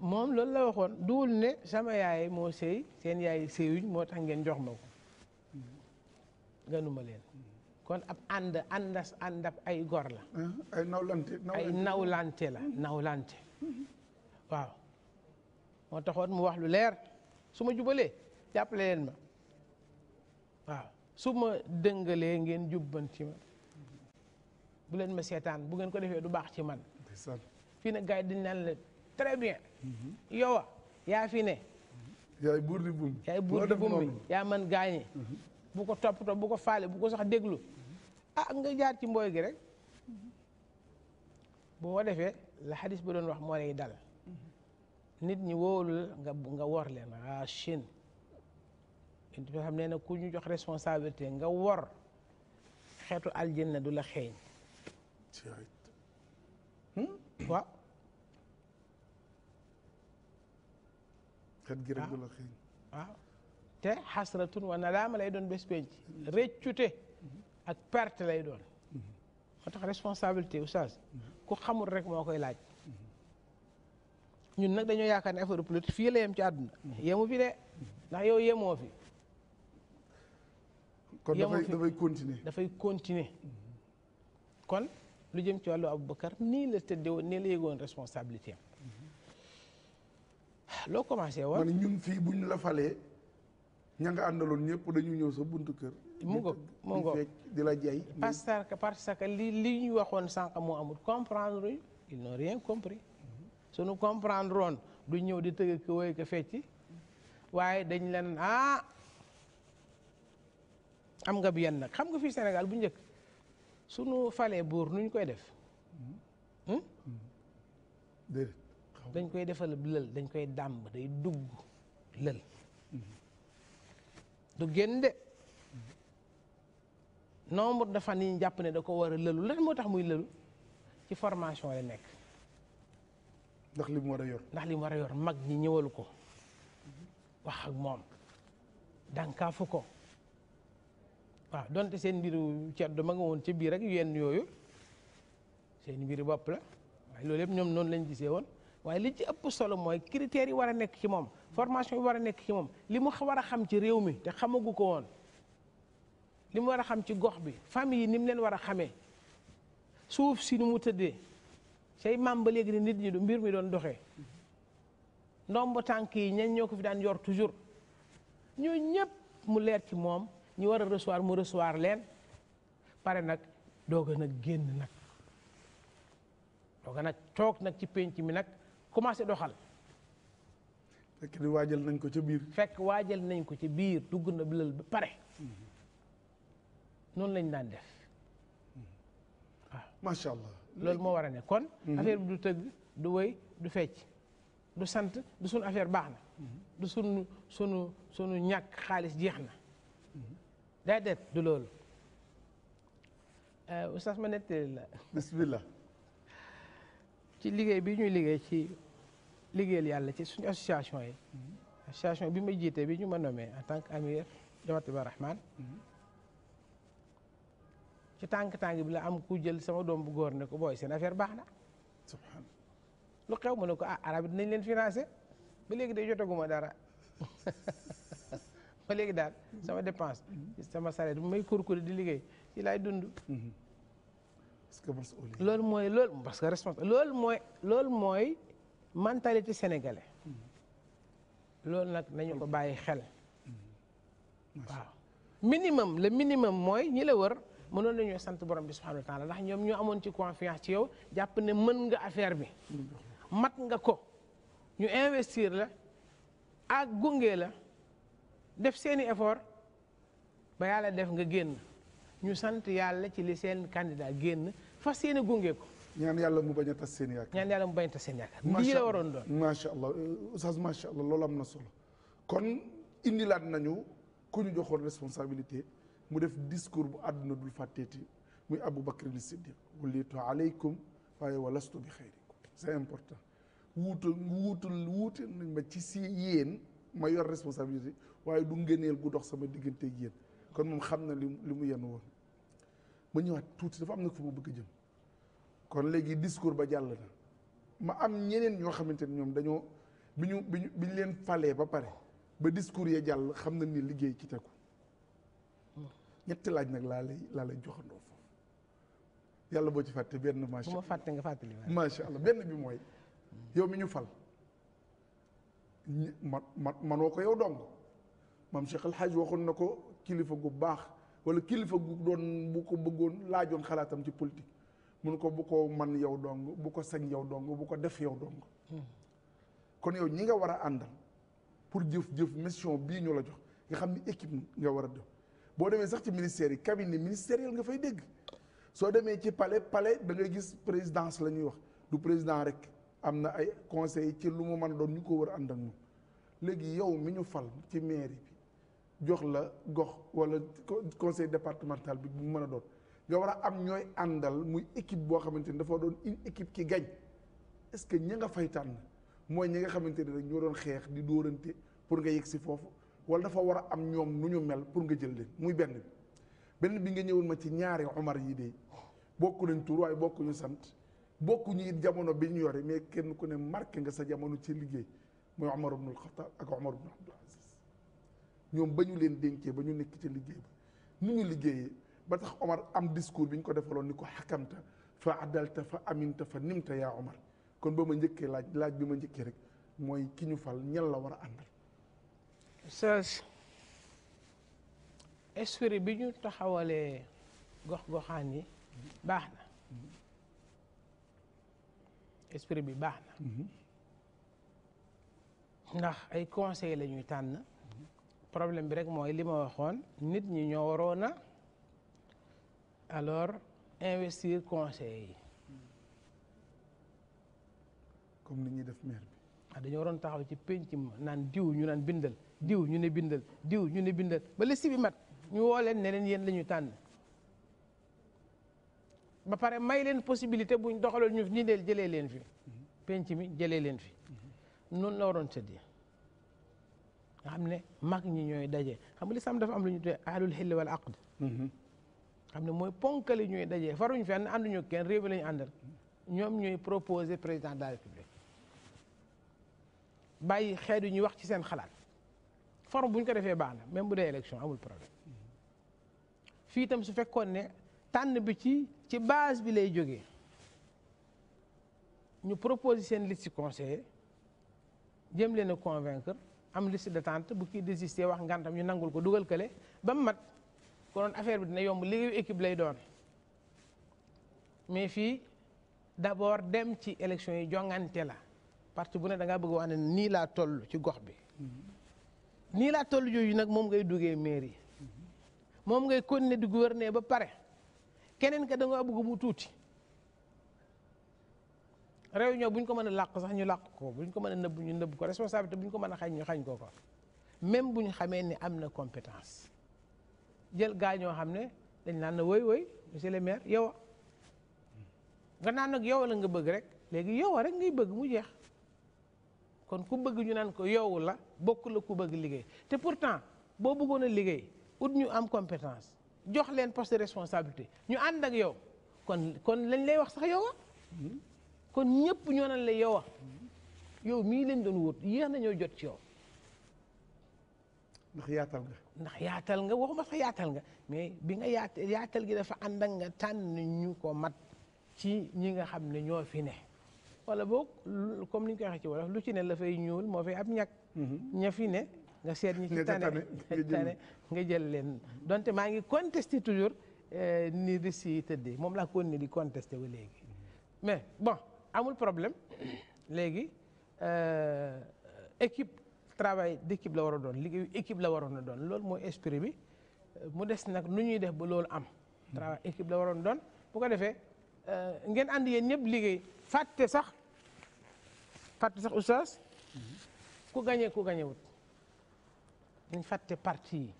moom loolu la waxoon duwul ne sama yaay moo sëy seen yaay sëyuñ moo tax ngeen jox ma ko hmm. ganuma leen kon ab ànd àndas ànd ab ay gor la. Ah, ay nawlante nawlante la nawlante waaw moo taxoon mu wax lu leer su ma jubalee jàppale leen ma waaw su ma dëngalee ngeen jubbanti ma bu leen ma seetaan bu ngeen ko defee du baax ci man. fii nag gars yi le naan bien. Mhm. yow a yaa fi ne. Mhm. yaay buur di bum yaay buur bum bi yaa mën gaañi mhm. bu ko toppatoo bu faale bu ko sax déglu ah nga jaar ci mbooy gi rek boo defee la xadis bi doon wax moo lay dal nit ñi wóolu la nga nga wor leen ah Chine it bi xam nee na ku ñu jox responsabilité nga wor xeetu aljanna du la xeeñ hmm? waaw xet gi rek du la ah. Ah. te xasratun wa nadaama lay doon bés penc ak perte lay doon moo tax responsabilité oustaz ku xamul rek moo koy laaj ñun nag dañoo yaakaar ne affaire politique fii la yem ci àdduna yemu fi de ndax yow yemoo fi kon dafay dafay continuer kon lu jëm ci wàllu Aboubacar nii la tëddeewoon nii la yëgoon responsabilité loo commencé woon ñun fii bu ñu la falee ña nga àndaloon ñëpp dañu ñëw sa buntu kër mu ngoog mu ngoog di la jey parce que parce que li li ñu waxoon san moo amul comprendre ñu ils n'ont rien compris mm-hmm. suñu comprendre woon du ñëw di tëgg ko woy ko fecci waaye dañ leen ah am nga bi yenn nag xam nga fii Sénégal bu njëkk sunu falee buur nuñ koy def mm-hmm. Hmm? Mm-hmm. dañ koy defal lël dañ koy dàmb day dugg lël du génn de nombre de fan yi jàpp ne da ko war a lëlu lan moo tax muy lëlu ci formation la nekk. ndax li mu war a yor. ndax li war a yor mag ñi ñëwalu ko wax ak moom dànkaafu ko waaw donte seen mbiru ceddo ma nga woon ci biir rek yenn yooyu seen mbiru bopp la waaye loolu yëpp ñoom noonu lañ gisee woon waaye li ci ëpp solo mooy critères yi war a nekk ci moom formation yi war a nekk ci moom li mu war a xam ci réew mi te xamagu ko woon. li mu war a xam ci gox bi famille yi ni mu leen war a xamee suuf si nu mu tëddee say maam ba léegi nit ñi du mbir mi doon doxee ndomb tànk yi ñen ñoo ko fi daan yor toujours ñoo ñëpp mu leer ci moom ñu war a recevoir mu recevoir leen pare nag doog nag génn nag doog nag toog nag ci pénc mi nag commencé doxal fekk di waajal nañ ko ca biir fekk waajal nañ ko ca biir dugg na lël ba pare hmm. noonu lañ daan def hmm. waaw macha loolu moo war a ne kon hmm. affaire bi du tëgg du woy du fecc du sant du sunu affaire baax na hmm. du sunu sunu sunu ñàkk xaalis jeex na day det du loolu euh, oustaz ma nettali la bismillah ci liggéey bi ñuy liggéey ci liggéeyal yàlla ci suñu association yi association bi ma jiitee bi ñu ma nommé en tant que amir jamati ba rahman ci tànk tànk bi la am ku jël sama doom bu góor ne ko booy seen affaire baax na. subhanallah lu xew mu ne ko ah arab dinañ leen financé ba léegi day jotaguma dara ba léegi daal sama dépense. sama salaire bu may kurkuri di liggéey ci laay dund. Mm-hmm. est que loolu mooy loolu parce que responsable loolu mooy loolu mooy mentalité sénégalais. Mm-hmm. loolu nag nañu ko bàyyi xel. Mm-hmm. waaw minimum le minimum mooy ñi la wër. mënoon nañoo sant borom bi subhanahu wa taala ndax ñoom ñu amoon ci confiance ci yow jàpp ne mën nga affaire bi mat nga ko ñu investir la ak gunge la def seeni effort ba yàlla def nga génn ñu sant yàlla ci li seen candidat génn fas yéene gunge ko ñaan yàlla mu bañ a tas seen mu bañ a tas seen waroon doon macha allah oustaz macha na solo kon indilaat nañu ku ñu joxoon responsabilité mu def discours bu àdduna dul fàtteeti muy abou bakr ni siddiq wullitu aleykum waaye walastu bi xayrikum c'est important wuutal wuutal wuutal nañ ma ci si yéen ma yor responsabilité waaye du ngëneel gu dox sama diggante ak yéen kon moom xam na li li mu yenn woon ma ñëwaat tuuti dafa am nag fu ma bëgg jëm kon léegi discours ba jàll na ma am ñeneen ñoo xamante ni ñoom dañoo bi ñu bi ñu bi ñu leen falee ba pare ba discours ya jàll xam na ni liggéey ci tegu ñetti laaj nag laa lay laa lay joxandoo foofu yàlla boo ci fàtte benn macha allah nga fàttali macha allah benn bi mooy yow mi ñu fal ma ma manoo ko yow dong mam Cheikh El Hadj waxoon na ko kilifa gu baax wala kilifa gu doon bu ko bëggoon laajoon xalaatam ci politique mun ko bu ko man yow dong bu ko sañ yow dong bu ko def yow dong hmm. kon yow ñi nga war a àndal pour jëf-jëf mission bii ñu la jox nga xam ni équipe nga war a def boo demee sax ci ministère yi cabinet ministériel nga fay dégg soo demee ci pale pale dangay gis présidence la ñuy wax du président rek am na ay conseil ci lu mu mën a doon ñu ko war a ak ñun léegi yow mi ñu fal ci mairie bi jox la gox wala conseil départemental bi mu mën a doon nga war a am ñooy àndal muy équipe boo xamante ni dafa doon une équipe qui gagne est-ce que ña nga fay tànn mooy ñi nga xamante ne rek ñoo doon xeex di dóorante pour nga yegg si foofu wala dafa war a am ñoom nu ñu mel pour nga jël leen muy benn bi benn bi nga ñëwoon ma ci ñaari Omar yi de bokku nañ tur waaye bokkuñu sant bokkuñu it jamono bi ñu yore mais kenn ku ne mark nga sa jamono ci liggéey mooy Omar ibn al-Khattab ak Omar ibn Abdul ba ñu nekk ci liggéey ba nu ñu ba tax Omar am discours bi ñu ko defaloon ni ko xakamta fa adalta fa aminta fa nimta yaa Omar kon ba ma njëkkee laaj laaj bi ma njëkkee rek mooy ki ñu fal ñan la war a àndal. oustaz esprit bi ñu taxawalee gox goxaan yi baax na esprit bi baax na mhm. ndax ay conseil lañuy ñuy tànn problème bi rek mooy lima ma waxoon nit ñi ñoo waroon a alors investir conseil yi comme ni ñuy def maire bi ah, dañoo waroon taxaw ci pénc ma naan diw ñu naan bindal diw ñu ne bindal diw ñu ne bindal ba liste bi mat ñu wooleen leen ne leen yéen la ñu tànn ba pare may leen possibilité buñ doxaloon ñu ni deel jëlee leen fi penc mi jëlee leen fi noonu la waroon tëddee nga xam ne mag ñi ñooy daje xam nga lislaam dafa am lu ñu tuddee ahlul xilli xam ne mooy ponkali ñooy daje faruñ fenn ànduñu kenn réew mi la ñu ñoom ñooy proposé président daal la république bàyyi xeetu ñuy wax ci seen xalaat forme bu ñu ko defee baax na même bu dee élection amul problème fii itam su fekkoon ne tànn bi ci ci base bi lay jógee ñu proposer seen liste conseiller jëm leen a convaincre am liste d'attente bu kii désister wax ngantam ñu nangul ko dugal kële ba mu mat konoon affaire bi dina yomb liggéeyu équipe lay doon mais fii d'abord dem ci élection yi jongante la parti bu ne da ngaa bëgg wax ne nii laa toll ci gox bi mm-hmm. nii la toll jooju nag moom ngay duggee mairie moom ngay continuer di gouverner ba pare keneen ka da nga bëgg mu tuuti réunion bu ñu ko mën a làq sax ñu làq ko bu ko mën a nëbb ñu nëbb ko responsabilité bu ñu ko mën a xañ xañ ko ko même bu ñu xamee ni am na compétence jël gaa ñoo xam ne dañ naan na woy woy monsieur le yow a nga naan nag yow la nga bëgg rek léegi yow a rek ngay bëgg mu jeex kon ku bëgg ñu naan ko yow la bokk la ku bëgg liggéey te pourtant boo bëggoon a liggéey ut ñu am compétence jox leen poste de responsabilité ñu ànd ak yow kon kon lañ lay wax sax yow ah. kon ñëpp ñoo naan la yow a ah. yow mii leen doon wut yéex nañoo jot ci yow. ndax yaatal ndax yaatal nga waxuma sax yaatal nga mais bi nga yaat yaatal gi dafa ànd ak nga tànn ñu ko mat ci ñi nga xam ne ñoo fi ne. wala boo comme ni koy waxee ci wolof lu ci ne la fay ñuul moo fay ab ñag mhm. ña fi ne nga seet ñi ci tane tane nga jël leen donte maa ngi contesté toujours euh, ni risques yi tëddee moom laa ko ne di contesté ba léegi mais bon amul problème léegi euh, équipe travail d'équipe la war a doon liggéeyu équipe la waroon a doon loolu mooy esprit bi euh, mu des nag nu ñuy def ba loolu am travail équipe la waroon doon bu ko defee Euh, ngeen ànd yéen ñëpp liggéey fàtte sax fàtte sax oustaz ku gañe ku gañewut nañ fàtte parti yi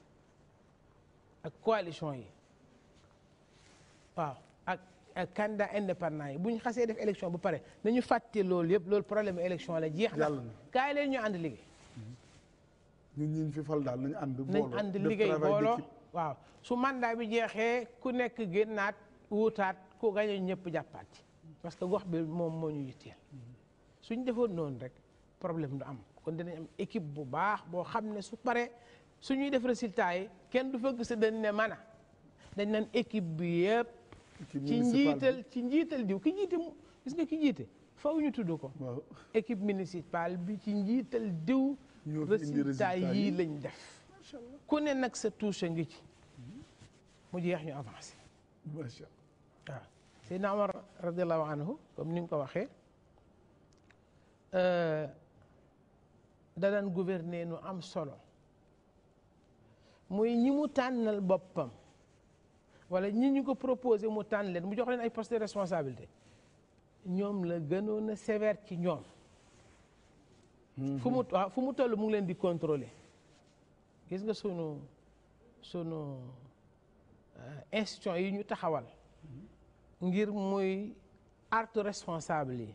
ak coalition yi waaw ak ak candidat indépendant yi bu ñu xasee def élection bu pare nañu fàtte lool yëpp lool problème élection la jeex na gaa yi leen ñu ànd liggéey ñun ñi fi fal daal nañu ànd liggéey booloo waaw su mandat bi jeexee ku nekk génnaat wuutaat ku gañe ñëpp jàppaat ci parce que gox bi moom moo ñu yitteel suñ defoon noonu rek problème du am kon dinañ am équipe bu baax boo xam ne su paree su ñuy def résultat yi kenn du fëgg sa dañ ne mana dañ naan équipe bi yëpp ci njiital ci njiital diw ki jiite gis nga ki jiite faw ñu tudd ko équipe municipale bi ci njiital diw résultat yii lañ def ku ne nag sa touche ngi ci mu jeex ñu avancé waaw Seydina Omar radiallahu anhu comme ni nga ko waxee euh, da daan gouverner nu am solo muy ñi mu tànnal boppam wala ñi ñu ko proposé mu tànn leen mu jox leen ay poste responsabilité ñoom la gënoon a sévère ci ñoom mm-hmm. fu mu waaw fu mu toll mu ngi leen di contrôler gis nga sunu sunu euh, institution yi ñu taxawal mm-hmm. ngir muy artu responsable yi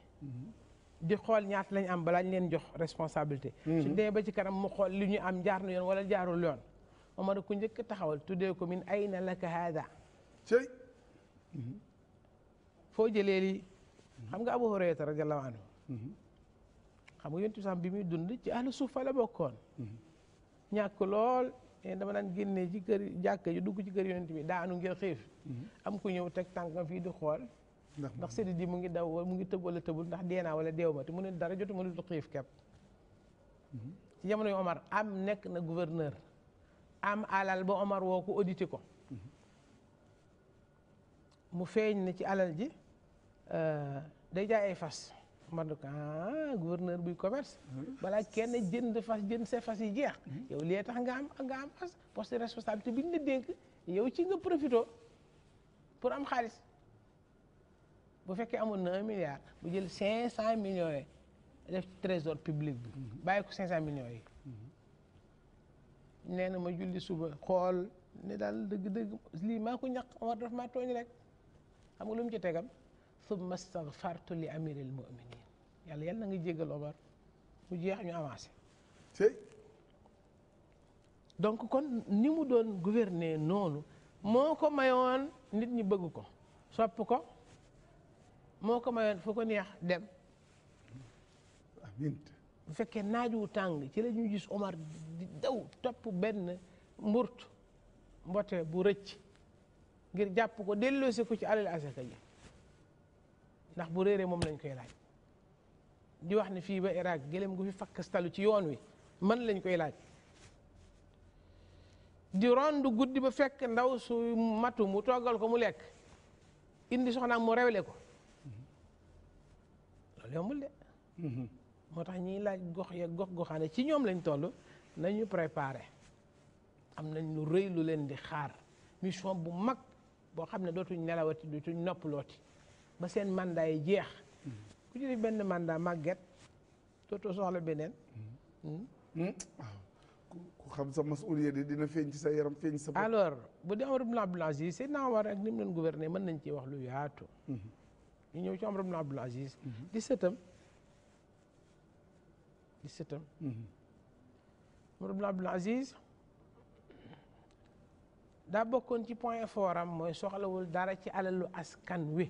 di xool ñaat lañ am balaa ñu leen jox responsabilité mhm. su dee ba ci kanam mu xool lu ñu am jaar na yoon wala jaarul yoon Omar ku njëkk taxawal tuddee ko min ayna laka hada cey foo jëlee lii xam nga Abu Hurayra radiyallahu anhu mhm. xam nga yonent bi sax bi dund ci ahlu suufa la bokkoon mhm. ñàkk lool Eh, dama naan génnee ci kër jàkka ji dugg ci kër yonent bi daanu ngir xiif mhm. am ku ñëw teg tànkam fii di xool ndax séddi ji mu ngi daw mu ngi tëb wala tëbul ndax deenaa wala deew ma te mu ne dara jotu ma dul xiif kepp mhm. ci jamono yu Omar am nekk na gouverneur am alal ba Omar woo ko audité ko mhm. mu feeñ ne ci alal ji euh, day jaay ay fas ma ne ko ah buy commerce. balaa kenn jënd fas jënd sa fas yi jeex. yow lee tax nga am nga am fas poste responsabilité bi ñu la dénk yow ci nga profito pour am xaalis bu fekkee amoon na un bu jël cinq cent million yi def ci trésor public bi. bàyyi ko cinq cent millions yi. nee na ma julli suba xool ne daal dëgg-dëgg lii maa ko ñaq war daf maa tooñ rek xam nga lu mu ci tegam. summa staghfartu li amiril mu'minin yàlla yal na nga jéggal Omar mu jeex ñu avancé. donc kon ni mu doon gouverner noonu moo ko mayoon nit ñi bëgg ko sopp ko moo ko mayoon foo ko neex dem. bu fekkee naaj wu tàng ci la ñuy gis Omar di daw topp benn mburt mbote bu rëcc ngir jàpp ko delloosi ko ci alal asaka ji ndax bu réeree moom lañ koy laaj. di wax ne fii ba Irak gëléem gu fi fakkastalu ci yoon wi man lañ koy laaj di rondu guddi ba fekk ndaw su matu mu toggal ko mu lekk indi soxnaam mu rewle ko loolu yombul de mm-hmm. moo tax ñiy laaj gox ya gox goxaane ci ñoom lañ toll nañu préparé am nañ lu rëy lu leen di xaar mission bu mag boo xam ne dootuñ nelawati dootuñ noppalooti ba seen mandat yi jeex ku ci def benn mandat màgget to soxla beneen. waaw hmm? hmm? ku xam sa masuliya di dina feeñ sa yaram feeñ sa. alors bu dee Omar ibn Abdul Aziz seen naa war ak ni mu doon gouverner mën nañ ci wax lu yaatu. Hmm. ñu ñëw ci Omar ibn Aziz. di sëtam di sëtam. Omar ibn Abdul Aziz daa bokkoon ci point fort am mooy soxlawul dara ci alalu askan wi.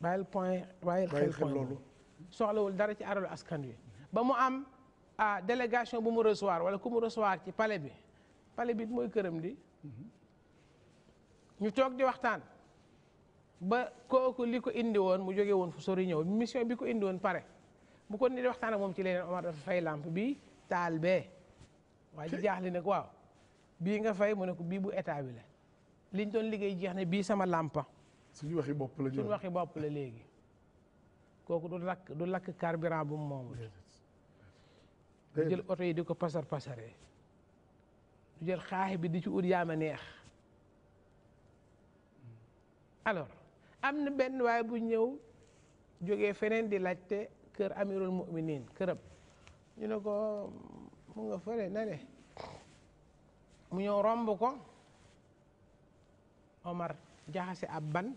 bàyyil point bàyyil xel point soxlawul dara ci aralu askan wi ba mu am a ah, délégation bu mu recevoir wala ku mu recevoir ci pale bi pale bi mooy këram di ñu toog di waxtaan ba kooku li ko indi woon mu jóge woon fu sori ñëw mission bi ko indi woon pare bu ko ni di waxtaan ak moom ci leneen Omar dafa fay lampe bi taal bee waaye ji jaaxle nag waaw bii nga fay mu ne ko bii bu état bi liñ doon liggéey jeex ne bii sama làmpa suñu waxi bopp la suñu waxi bopp la léegi kooku du lakk du lakk carburant bu mu moomul du jël oto yi di ko pasar pasaree du jël xaax bi di ci ut yaama neex alors am na benn waaye bu ñëw jógee feneen di laajte kër amirul muminin këram ñu ne ko mu nga fële na le mu ñëw romb ko Omar jaxase ab ban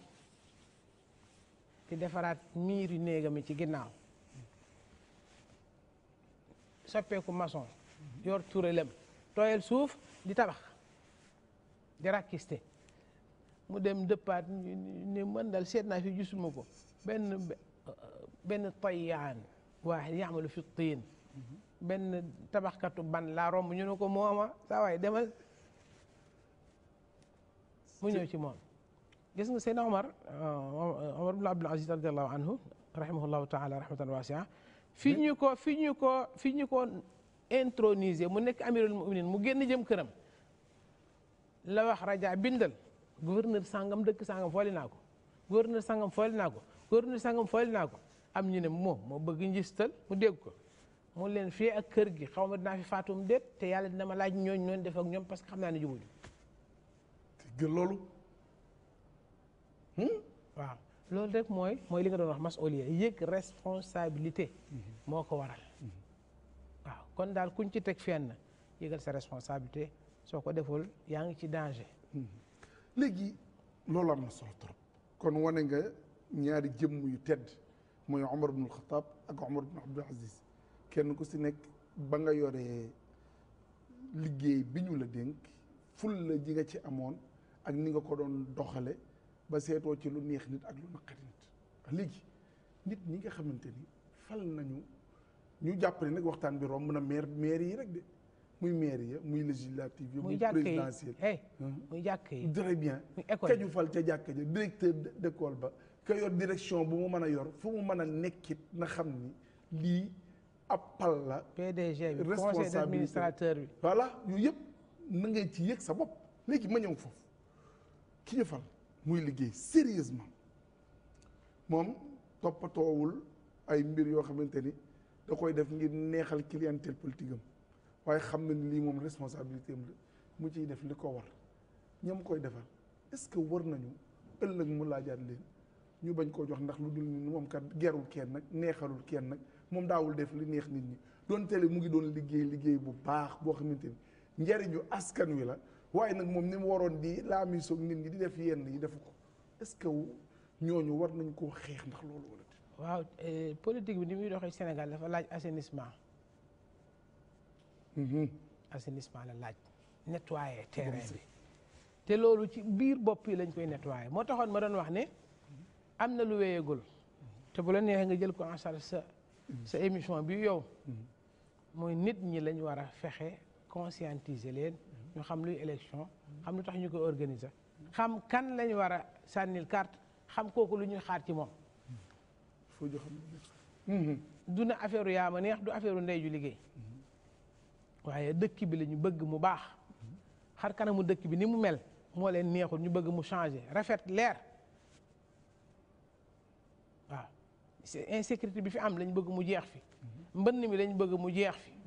di defaraat miir miiri néegam ci ginnaaw soppeeku maçon yor turelem tooyal suuf di tabax di rakiste mu dem dëppaat ne mën dal seet naa fi gisuma ko benn benn tayyaan waaxid yaamalu fi tiin benn tabaxkatu ban laa romb ñu ne ko mooma saa waay demal mu ñëw ci moom gis nga Seydina Omar euh, Omar ibn Abdul Aziz radiallahu anhu rahimahullahu taala rahmatan wasia fi ñu ko fi ñu ko fi ñu ko introniser mu nekk amirul muminin mu génn jëm këram la wax raja bindal gouverneur sangam dëkk sangam fooli naa ko gouverneur sangam fooli naa ko gouverneur sangam fooli naa ko am ñu ne moom moo bëgg njistal mu dégg ko mu leen fii ak kër gi xaw ma dinaa fi faatum déet te yàlla dina ma laaj ñooñ noonu def ak ñoom parce que xam naa ne jubuñu loolu Hmm? waaw loolu rek mooy mooy li nga doon wax mas'uliyya yëg responsabilité mhm. moo ko waral mhm. kon daal kuñ ci teg fenn yëgal sa responsabilité soo ko deful yaa ngi ci danger mhm. léegi loolu am na solo trop kon wane nga ñaari jëmm yu tedd mooy Omar ibn al ak Omar ibn Abdul Aziz kenn ku si nekk ba nga yoree liggéey bi ñu la dénk ful ji nga ci amoon ak ni nga ko doon doxale ba seetoo ci lu neex nit ak lu naqari nit léegi nit ñi nga xamante ni fal nañu ñu jàpp ne nag waxtaan bi romb na maire maire yi rek de muy maire ya muy législative ya muy présidentielle muy jàkk yi bien ka ñu fal ca jàkk ja directeur d'école ba ka yor direction bu mu mën a yor fu mu mën a nekkit na xam ni lii ab pal la PDG bi conseil d'administrateur bi voilà yooyu yëpp na ngay ci yëg sa bopp léegi ma ñëw foofu ki ñu fal muy liggéey sérieusement moom toppatoowul ay mbir yoo xamante ni da koy def ngir neexal clientèle politique am waaye xam na lii moom responsabilité am la mu ciy def li ko war ñam koy defal est-ce que war nañu ëllëg mu laajaat leen ñu bañ koo jox ndax lu dul ni moom kat gerul kenn nag neexalul kenn nag moom daawul def li neex nit ñi doon tele mu ngi doon liggéey liggéey bu baax boo xamante ni njariñu askan wi la waaye nag moom ni mu waroon di laami soog nit ñi di def yenn yi defu ko est-ce que ñooñu war nañ koo xeex ndax loolu wala waaw eh, politique bi ni muy doxee Sénégal dafa laaj assainissement. Mhm. assainissement la laaj. nettoyer terrain bi te loolu ci biir bopp yi lañ koy nettoyer moo taxoon ma doon wax ne am na lu wéyegul te bu la neexee nga jël ko en charge sa mhm. sa émission bi yow. Mhm. mooy nit ñi lañu war a fexe conscientiser leen. ñu xam luy élection xam lu tax ñu ko organiser xam kan lañu war a sànnil carte xam kooku lu ñuy xaar ci moom. Mhm. du ne affaire yaa ma neex du affaire ndey ju liggéey. waaye dëkk bi lañu bëgg mu baax. xar kanamu dëkk bi ni mu mel moo leen neexul ñu bëgg mu changer rafet leer waaw insécurité bi fi am lañ bëgg mu jeex fi. Mhm. mbënn mi lañ bëgg mu jeex fi.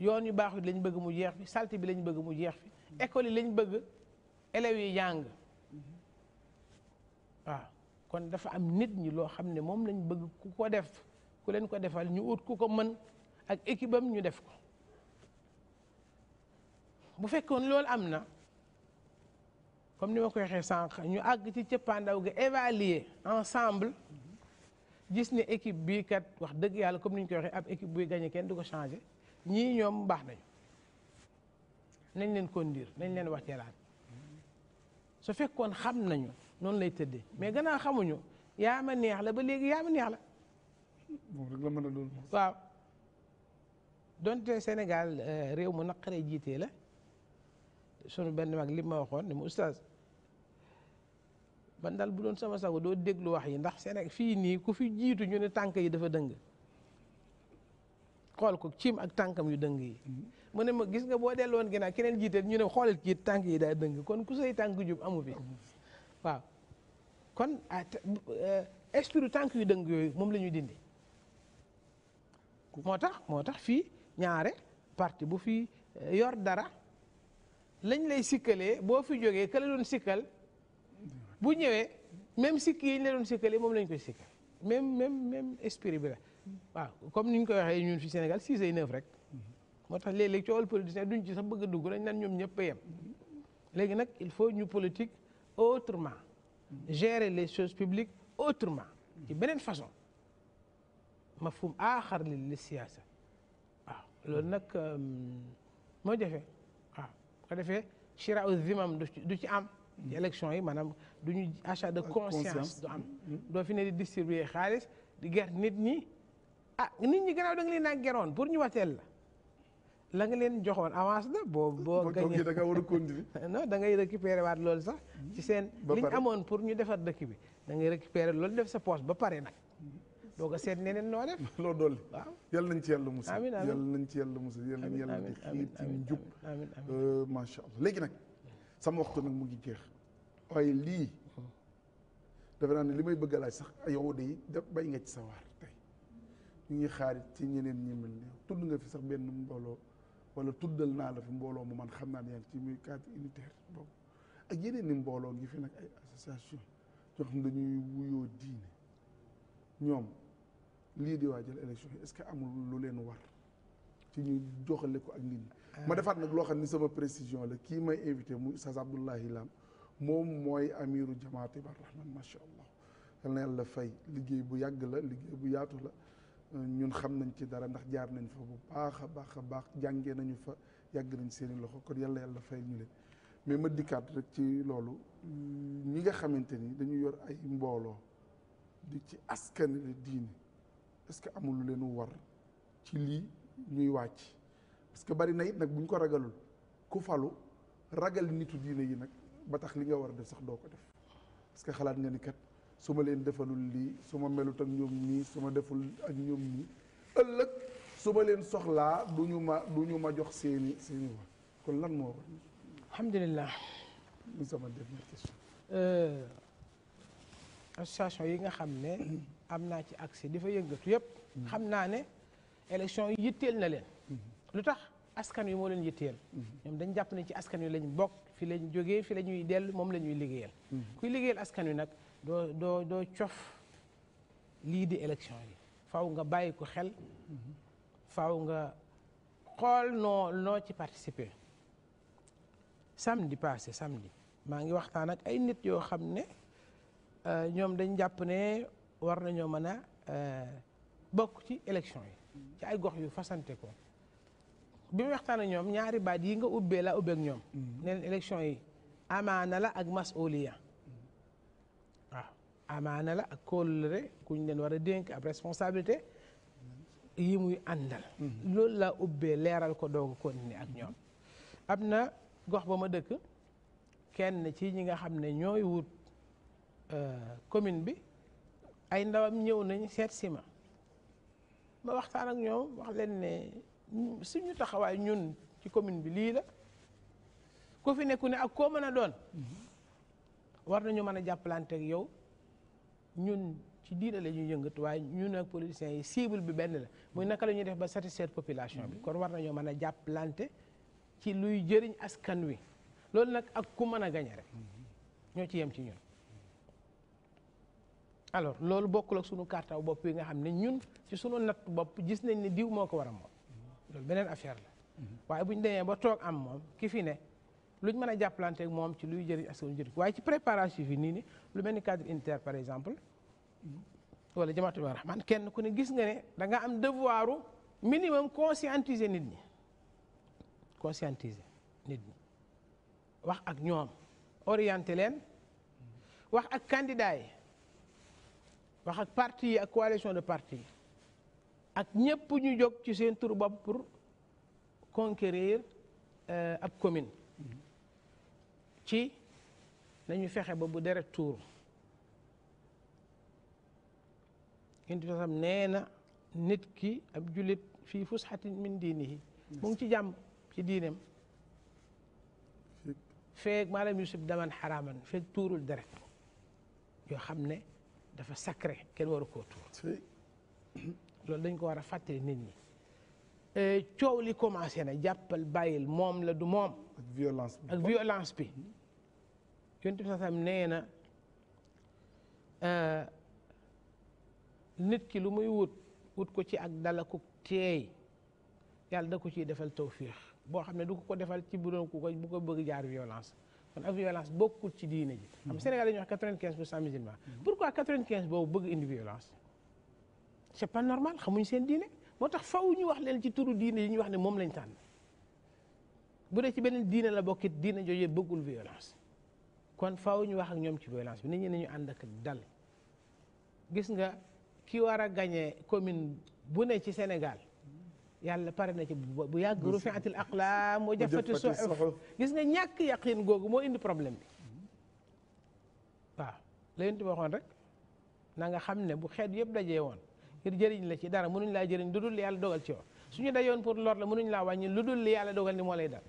yoon yu baax lañ bëgg mu jeex fi salte bi lañ bëgg mu jeex fi école yi lañ bëgg élèves yi jàng waaw kon dafa am nit ñi loo xam ne moom lañ bëgg ku ko def ku leen ko defal ñu ut ku ko mën ak équipe am ñu def ko bu fekkoon loolu am na comme ni ma ko waxee sànq ñu àgg ci cëppaandaw ga évaluer ensemble gis ne équipe bii kat wax dëgg yàlla comme ni ñu ko waxee ab équipe buy gagné kenn du ko changé ñii ñoom baax nañu nañ leen conduire nañ leen wax waxteelaat su fekkoon xam nañu noonu lay tëddee mais gannaaw xamuñu yaa ma neex la ba léegi yaa ma neex la. moom rek la mën doon. waaw donte Sénégal euh, réew mu naqaree jiitee la sunu benn mag li ma waxoon ni mu oustaz man daal bu doon sama sago doo déglu wax yi ndax Sénégal fii nii ku fi jiitu ñu ne tànk yi dafa dëng. xool ko ciim ak tànkam yu dëng yi mm-hmm. mu ne ma gis nga boo delloon ginnaaw keneen jiite ñu ne xoolal kii tànk yi daa dëng kon ku say tànk jub amu fi mm-hmm. waaw kon ah, euh, esprit tànk yu dëng yooyu moom lañuy dindi moo tax moo tax fii ñaare parti bu fi euh, yor dara lañ lay sikkalee boo fi jógee ka la sikkal bu ñëwee même sikki yi ñu la doon sikkalee moom lañ koy sikkal même même même esprit bi la waaw comme ni ñu ko waxee ñun fi Sénégal six et neuf rek moo tax léeg-léeg coowal politicien duñ ci sax bëgg a dugg dañ naan ñoom ñëpp a léegi nag il faut ñu politique autrement gere les choses publiques autrement ci beneen façon ma fum aaxar li li siyaasa waaw loolu nag euh, moo ah waaw ko defee chira u zimam du ci am ci élection yi maanaam du ñu achat de conscience du am doo fi ne di distribuer xaalis di ger nit ñi ah nit ñi gannaaw da nga leen a geroon pour ñu wateel la la nga leen joxoon avance la boo boo gañee da nga war a continuer non da ngay récupérer waat lool sax ci seen li ñu amoon pour ñu defar dëkk bi da ngay récupérer loolu def sa poche ba pare nag doo ko seet neneen noo def loo dolli waaw yal nañ ci yàlla musul amiin yal nañ ci yàlla musul yal nañ yàlla di xiit ci njub euh, macha allah léegi nag sama waxtu nag mu ngi waaye lii hmm. dafa naa ne li may bëgg laaj sax yow de bay nga ci sa waar ñu ngi xaarit ci ñeneen ñi mel ne tudd nga fi sax benn mbooloo wala tuddal naa la fi mbooloo mu man xam naa ne yaa ci muy cadre unitaire boobu ak yeneen ni mbooloo ngi fi nag ay association yoo xam dañuy wuyoo diine ñoom lii di waajal élection yi est-ce que amul lu leen war ci ñu joxale ko ak nit ñi euh. ma defaat nag loo xam ni sama précision la kii may invité mu Oustaz Abdoulaye Lam moom mooy amiru jamaati bar rahman macha allah yal na yàlla fay liggéey bu yàgg la liggéey bu yaatu la ñun xam nañ ci dara ndax jaar nañ fa bu baax a baax a baax jàngee nañu fa yàgg nañ seeni loxo kon yàlla yàlla fay ñu leen mais ma dikkaat rek ci loolu ñi nga xamante ni dañu yor ay mbooloo di ci askanale diine est-ce que amul lu leen war ci lii ñuy wàcc parce que bari na nag bu ñu ko ragalul ku falu ragal nitu diine yi nag ba tax li nga war a def sax doo ko def parce que xalaat nga ni kat. su ma leen defalul lii su ma melut ak ñoom nii su ma deful ak ñoom nii ëllëg su ma leen soxlaa du ñu ma du ñu ma jox seeni seeni wax kon lan moo war alhamdulilah ñu sama dernière question euh, association yi nga xam ne am naa ci accès di fa yëngatu yëpp xam naa ne élection yi yitteel na leen lu tax askan wi moo leen yitteel ñoom dañ jàpp ne ci askan wi lañ bokk fi lañ jógee fi la ñuy dell moom la ñuy liggéeyal hmm. kuy liggéeyal askan wi nag doo doo doo cof lii di élection yi faw nga bàyyi ko xel faw nga xool noo noo ci participer samedi passé samedi maa ngi waxtaan ak ay nit yoo xam ne euh, ñoom dañ jàpp ne war nañoo mën a euh, bokk ci élection yi ci ay gox yu fasante ko bi mu waxtaan ak ñoom ñaari baat yi nga ubbee la ubbeek ñoom mm-hmm. ne leen élection yi amaana la ak mas'uliya amaana la ak kóllëre ku ñu leen war a dénk ab responsabilité yi muy àndal mhm. loolu laa ubbee leeral ko dooga ni ak ñoom am na gox ba ma dëkk kenn ci ñi nga xam ne ñooy wut euh, commune bi ay ndawam ñëw nañu seet si ma ma waxtaan ak ñoom wax leen ne suñu taxawaay ñun ci commune bi lii la ku fi nekku ne ak koo mën a doon mhm. war nañu mën a jàppalante ak yow ñun ci diine la ñuy yëngatu waaye ñun ak politiciens yi cible bi benn la muy naka la ñuy def ba satisfaire population bi kon war nañoo mën a jàppalante ci luy jëriñ askan wi loolu nag ak ku mën a gañe ñoo ci yem ci ñun alors loolu bokkul ak sunu kartaw bopp yi nga xam ne ñun ci sunu natt bopp gis nañ ne diw moo ko war a moom loolu beneen affaire la waaye bu demee ba toog am moom ki fi ne luñ mën a jàppalante moom ci luy jëriñ askan wi jëriñ waaye ci préparation yi nii lu mel ni cadre inter par exemple wala jamaatul man kenn ku ne gis nga ne da nga am devoiru minimum conscientiser nit ñi conscientiser nit ñi wax ak ñoom orienter leen wax ak candidat yi wax ak parti yi ak coalition de parti yi ak ñëpp ñu jóg ci seen tur bopp pour conquérir euh, ak commune mm-hmm. ci nañu fexe ba bu deret tuuru yonent bi sam nee na nit ki ab jullit fii fusxatin min diinihi mu ngi ci jàmm ci diineem feeg maalam yusuf daman xaraaman feeg tuurul deret yoo xam ne dafa sacré kenn waru koo tuur loolu dañ ko war a fàttali nit ñi eh, coow li commencé na jàppal bàyyil moom la du moom ak violence bi ak violence bi yonent bi sam nee na eh, nit ki lu muy wut wut ko ci ak dalakuk teey yàlla da ko ciy defal tawfiix boo xam ne du ko ko defal ci bu doon ku ko bu ko bëgg jaar violence kon ak violence bokkul ci diine ji am Sénégal dañuy wax quatre-vingt-quinze pour cent musulmans mm-hmm. pourquoi quatre-vingt-quinze boobu bëgg indi violence c'est normal xamuñ seen diine moo tax faw ñu wax leen ci turu diine yi ñu wax ne moom lañ tànn bu dee ci beneen diine la bokkit diine jooju bëggul violence kon faw ñu wax ak ñoom ci violence bi nit ñeen nañu ànd ak dal gis nga ki war a gagné commune bu ne ci senegal yàlla pare na ci bu yàgg rufiatil aqlaam wa jafati suhuf gis nga ñàkk yaqin googu moo indi problème bi waaw la yonent bi waxoon rek na nga xam ne bu xeet yëpp dajee woon ngir jëriñ la ci dara mu mënuñ laa jëriñ lu dul li yàlla dogal ci yow suñu dajoon pour lor la mënuñ laa wàññi lu dul li yàlla dogal ni moo lay dal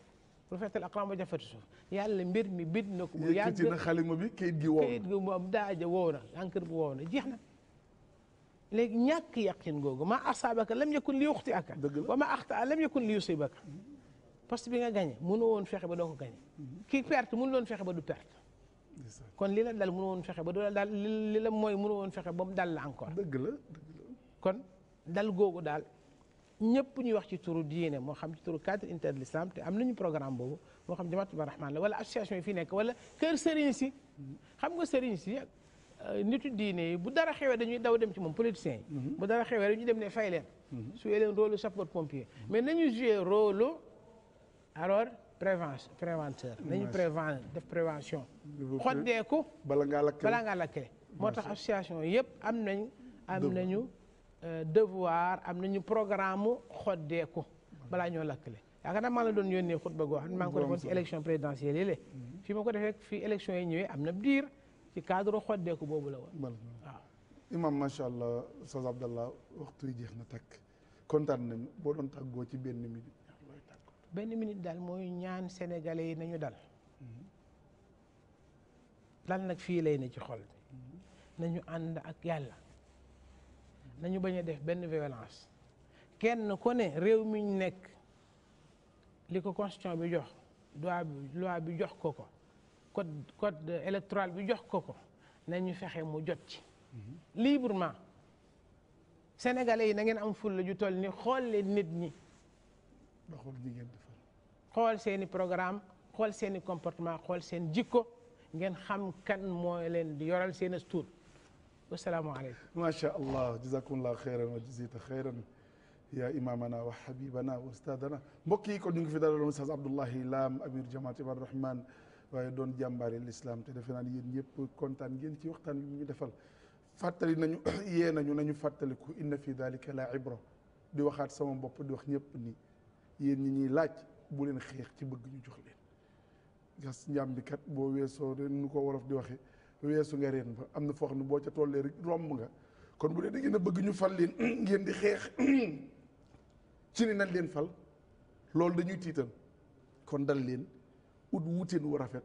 rufiatil aqlaam wa jafati suhuf yàlla mbir mi bid na ko bu yàgg yëkkati na gi wow na kayit gi wow na encre bu wow na jeex na léegi ñàkk yàqin googu maa asaabaka lam yakun li yuxti aka wa ma axtaa lam yakun li yusibaka poste bi nga gañe mënu woon fexe ba doo ko gañe mhm. ki perte mun loon fexe ba du perte kon li la dal mënu woon fexe ba du la dal li la mooy mënu woon fexe ba mu dal la encore dëgg kon dal googu daal ñëpp ñuy wax ci turu diine moo xam ci turu cadre inter l'islam te am nañu programme boobu moo xam jamaatu ba rahmaan la wala association yi fi nekk wala kër sëriñ si mhm. xam nga sëriñ si Euh, nitu diine yi bu dara xewee dañuy daw dem ci moom politicien yi mhm. bu dara xewee dañuy dem ne fay leen mhm. su leen rôle sapeur pompier mhm. mais ñu jouer rôle alors prévention préventeur nañu préven def prévention xoddeeku bala ngaa lakkale moo tax association yëpp am nañ am euh, devoir am nañu programme xoddeeku balaa ñoo ñu yaakaar naa maa la doon yónnee xutba goo xam ne maa ngi ko defoon ci élection présidentielle yi lé fii ma ko defee fii élection yi ñëwee am na diir ci cadre xoddeeku boobu la woon waaw imam macha allah Oustaz Abdallah waxtu yi jeex na takk kontaan boo doon tàggoo ci benn minute benn minute daal mooy ñaan sénégalais yi nañu dal dal nag fii lay ne ci xol nañu ànd ak yàlla nañu bañ a def benn violence kenn ko ne réew mi ñu nekk li ko constitution bi jox loi bi bi jox ko ko code code électoral bi jox ko ko nañu fexe mu jot ci librement sénégalais yi na ngeen am la ju tol ni xool leen nit ñi xool seeni programme xool seeni comportement xool seen jikko ngeen xam kan mooy leen di yoral seen wa astuut wasalaamaaleykum macha allah jazakumullah xeyran wa jazita xeyran yaa imamana wa habibana wa ustadana mbokk ko kon ñu ngi fi dalaloon Oustaz Abdoulaye Lam amir jamaat Ibadur Rahman waaye doon jàmbaari lislaam te defe naa ni yéen ñëpp kontaan ngeen ci waxtaan mu ñu defal fàttali nañu yee nañu nañu fàttaliku inna fi dalika la ibra di waxaat sama bopp di wax ñëpp nii yéen ñi ñuy laaj bu leen xeex ci bëgg ñu jox leen gas njàm bi kat boo weesoo ren nu ko wolof di waxe weesu nga reen ba am na foo xam ne boo ca tollee rek romb nga kon bu dee da ngeen a bëgg ñu fal leen ngeen di xeex ci ni nañ leen fal loolu dañuy tiital kon dal leen ut wutin wu rafet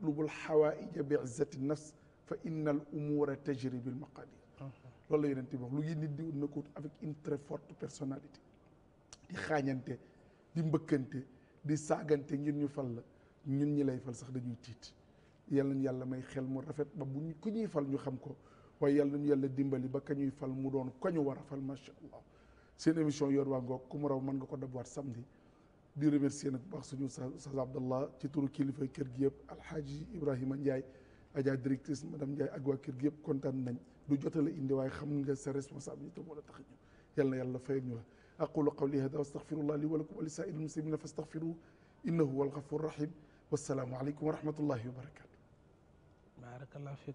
bul xawaaija bi izzati nafs fa inna al umura tajri bil maqadir loolu la yonent bi wax lu ngi nit di ut na ko ut avec une très forte personnalité di xaañante di mbëkkante di saagante ngir ñu fal la ñun ñi lay fal sax dañuy tiit yàlla ñu yàlla may xel mu rafet ba bu ku ñuy fal ñu xam ko waaye yàlla ñu yàlla dimbali ba ka ñuy fal mu doon ko war a fal macha allah seen émission Yoor Wa Ngoog ku mu raw mën nga ko dabwaat samdi di remercier nag bu baax suñu sas Abdallah ci turu kilifa kër gi yëpp alxaaji Ibrahima Ndiaye Adja directrice madame Ndiaye ak waa kër gi yëpp kontaan nañ du jotale indi waaye xam nga sa responsabilité moo la tax ñu yal na yàlla fayal ñu la aqulu qawli hada wastaghfirullah li wa lakum wa li saa'iril muslimina fastaghfiruhu innahu huwal ghafurur rahim wassalaamu aleykum wa rahmatullahi wa barakatuh barakallahu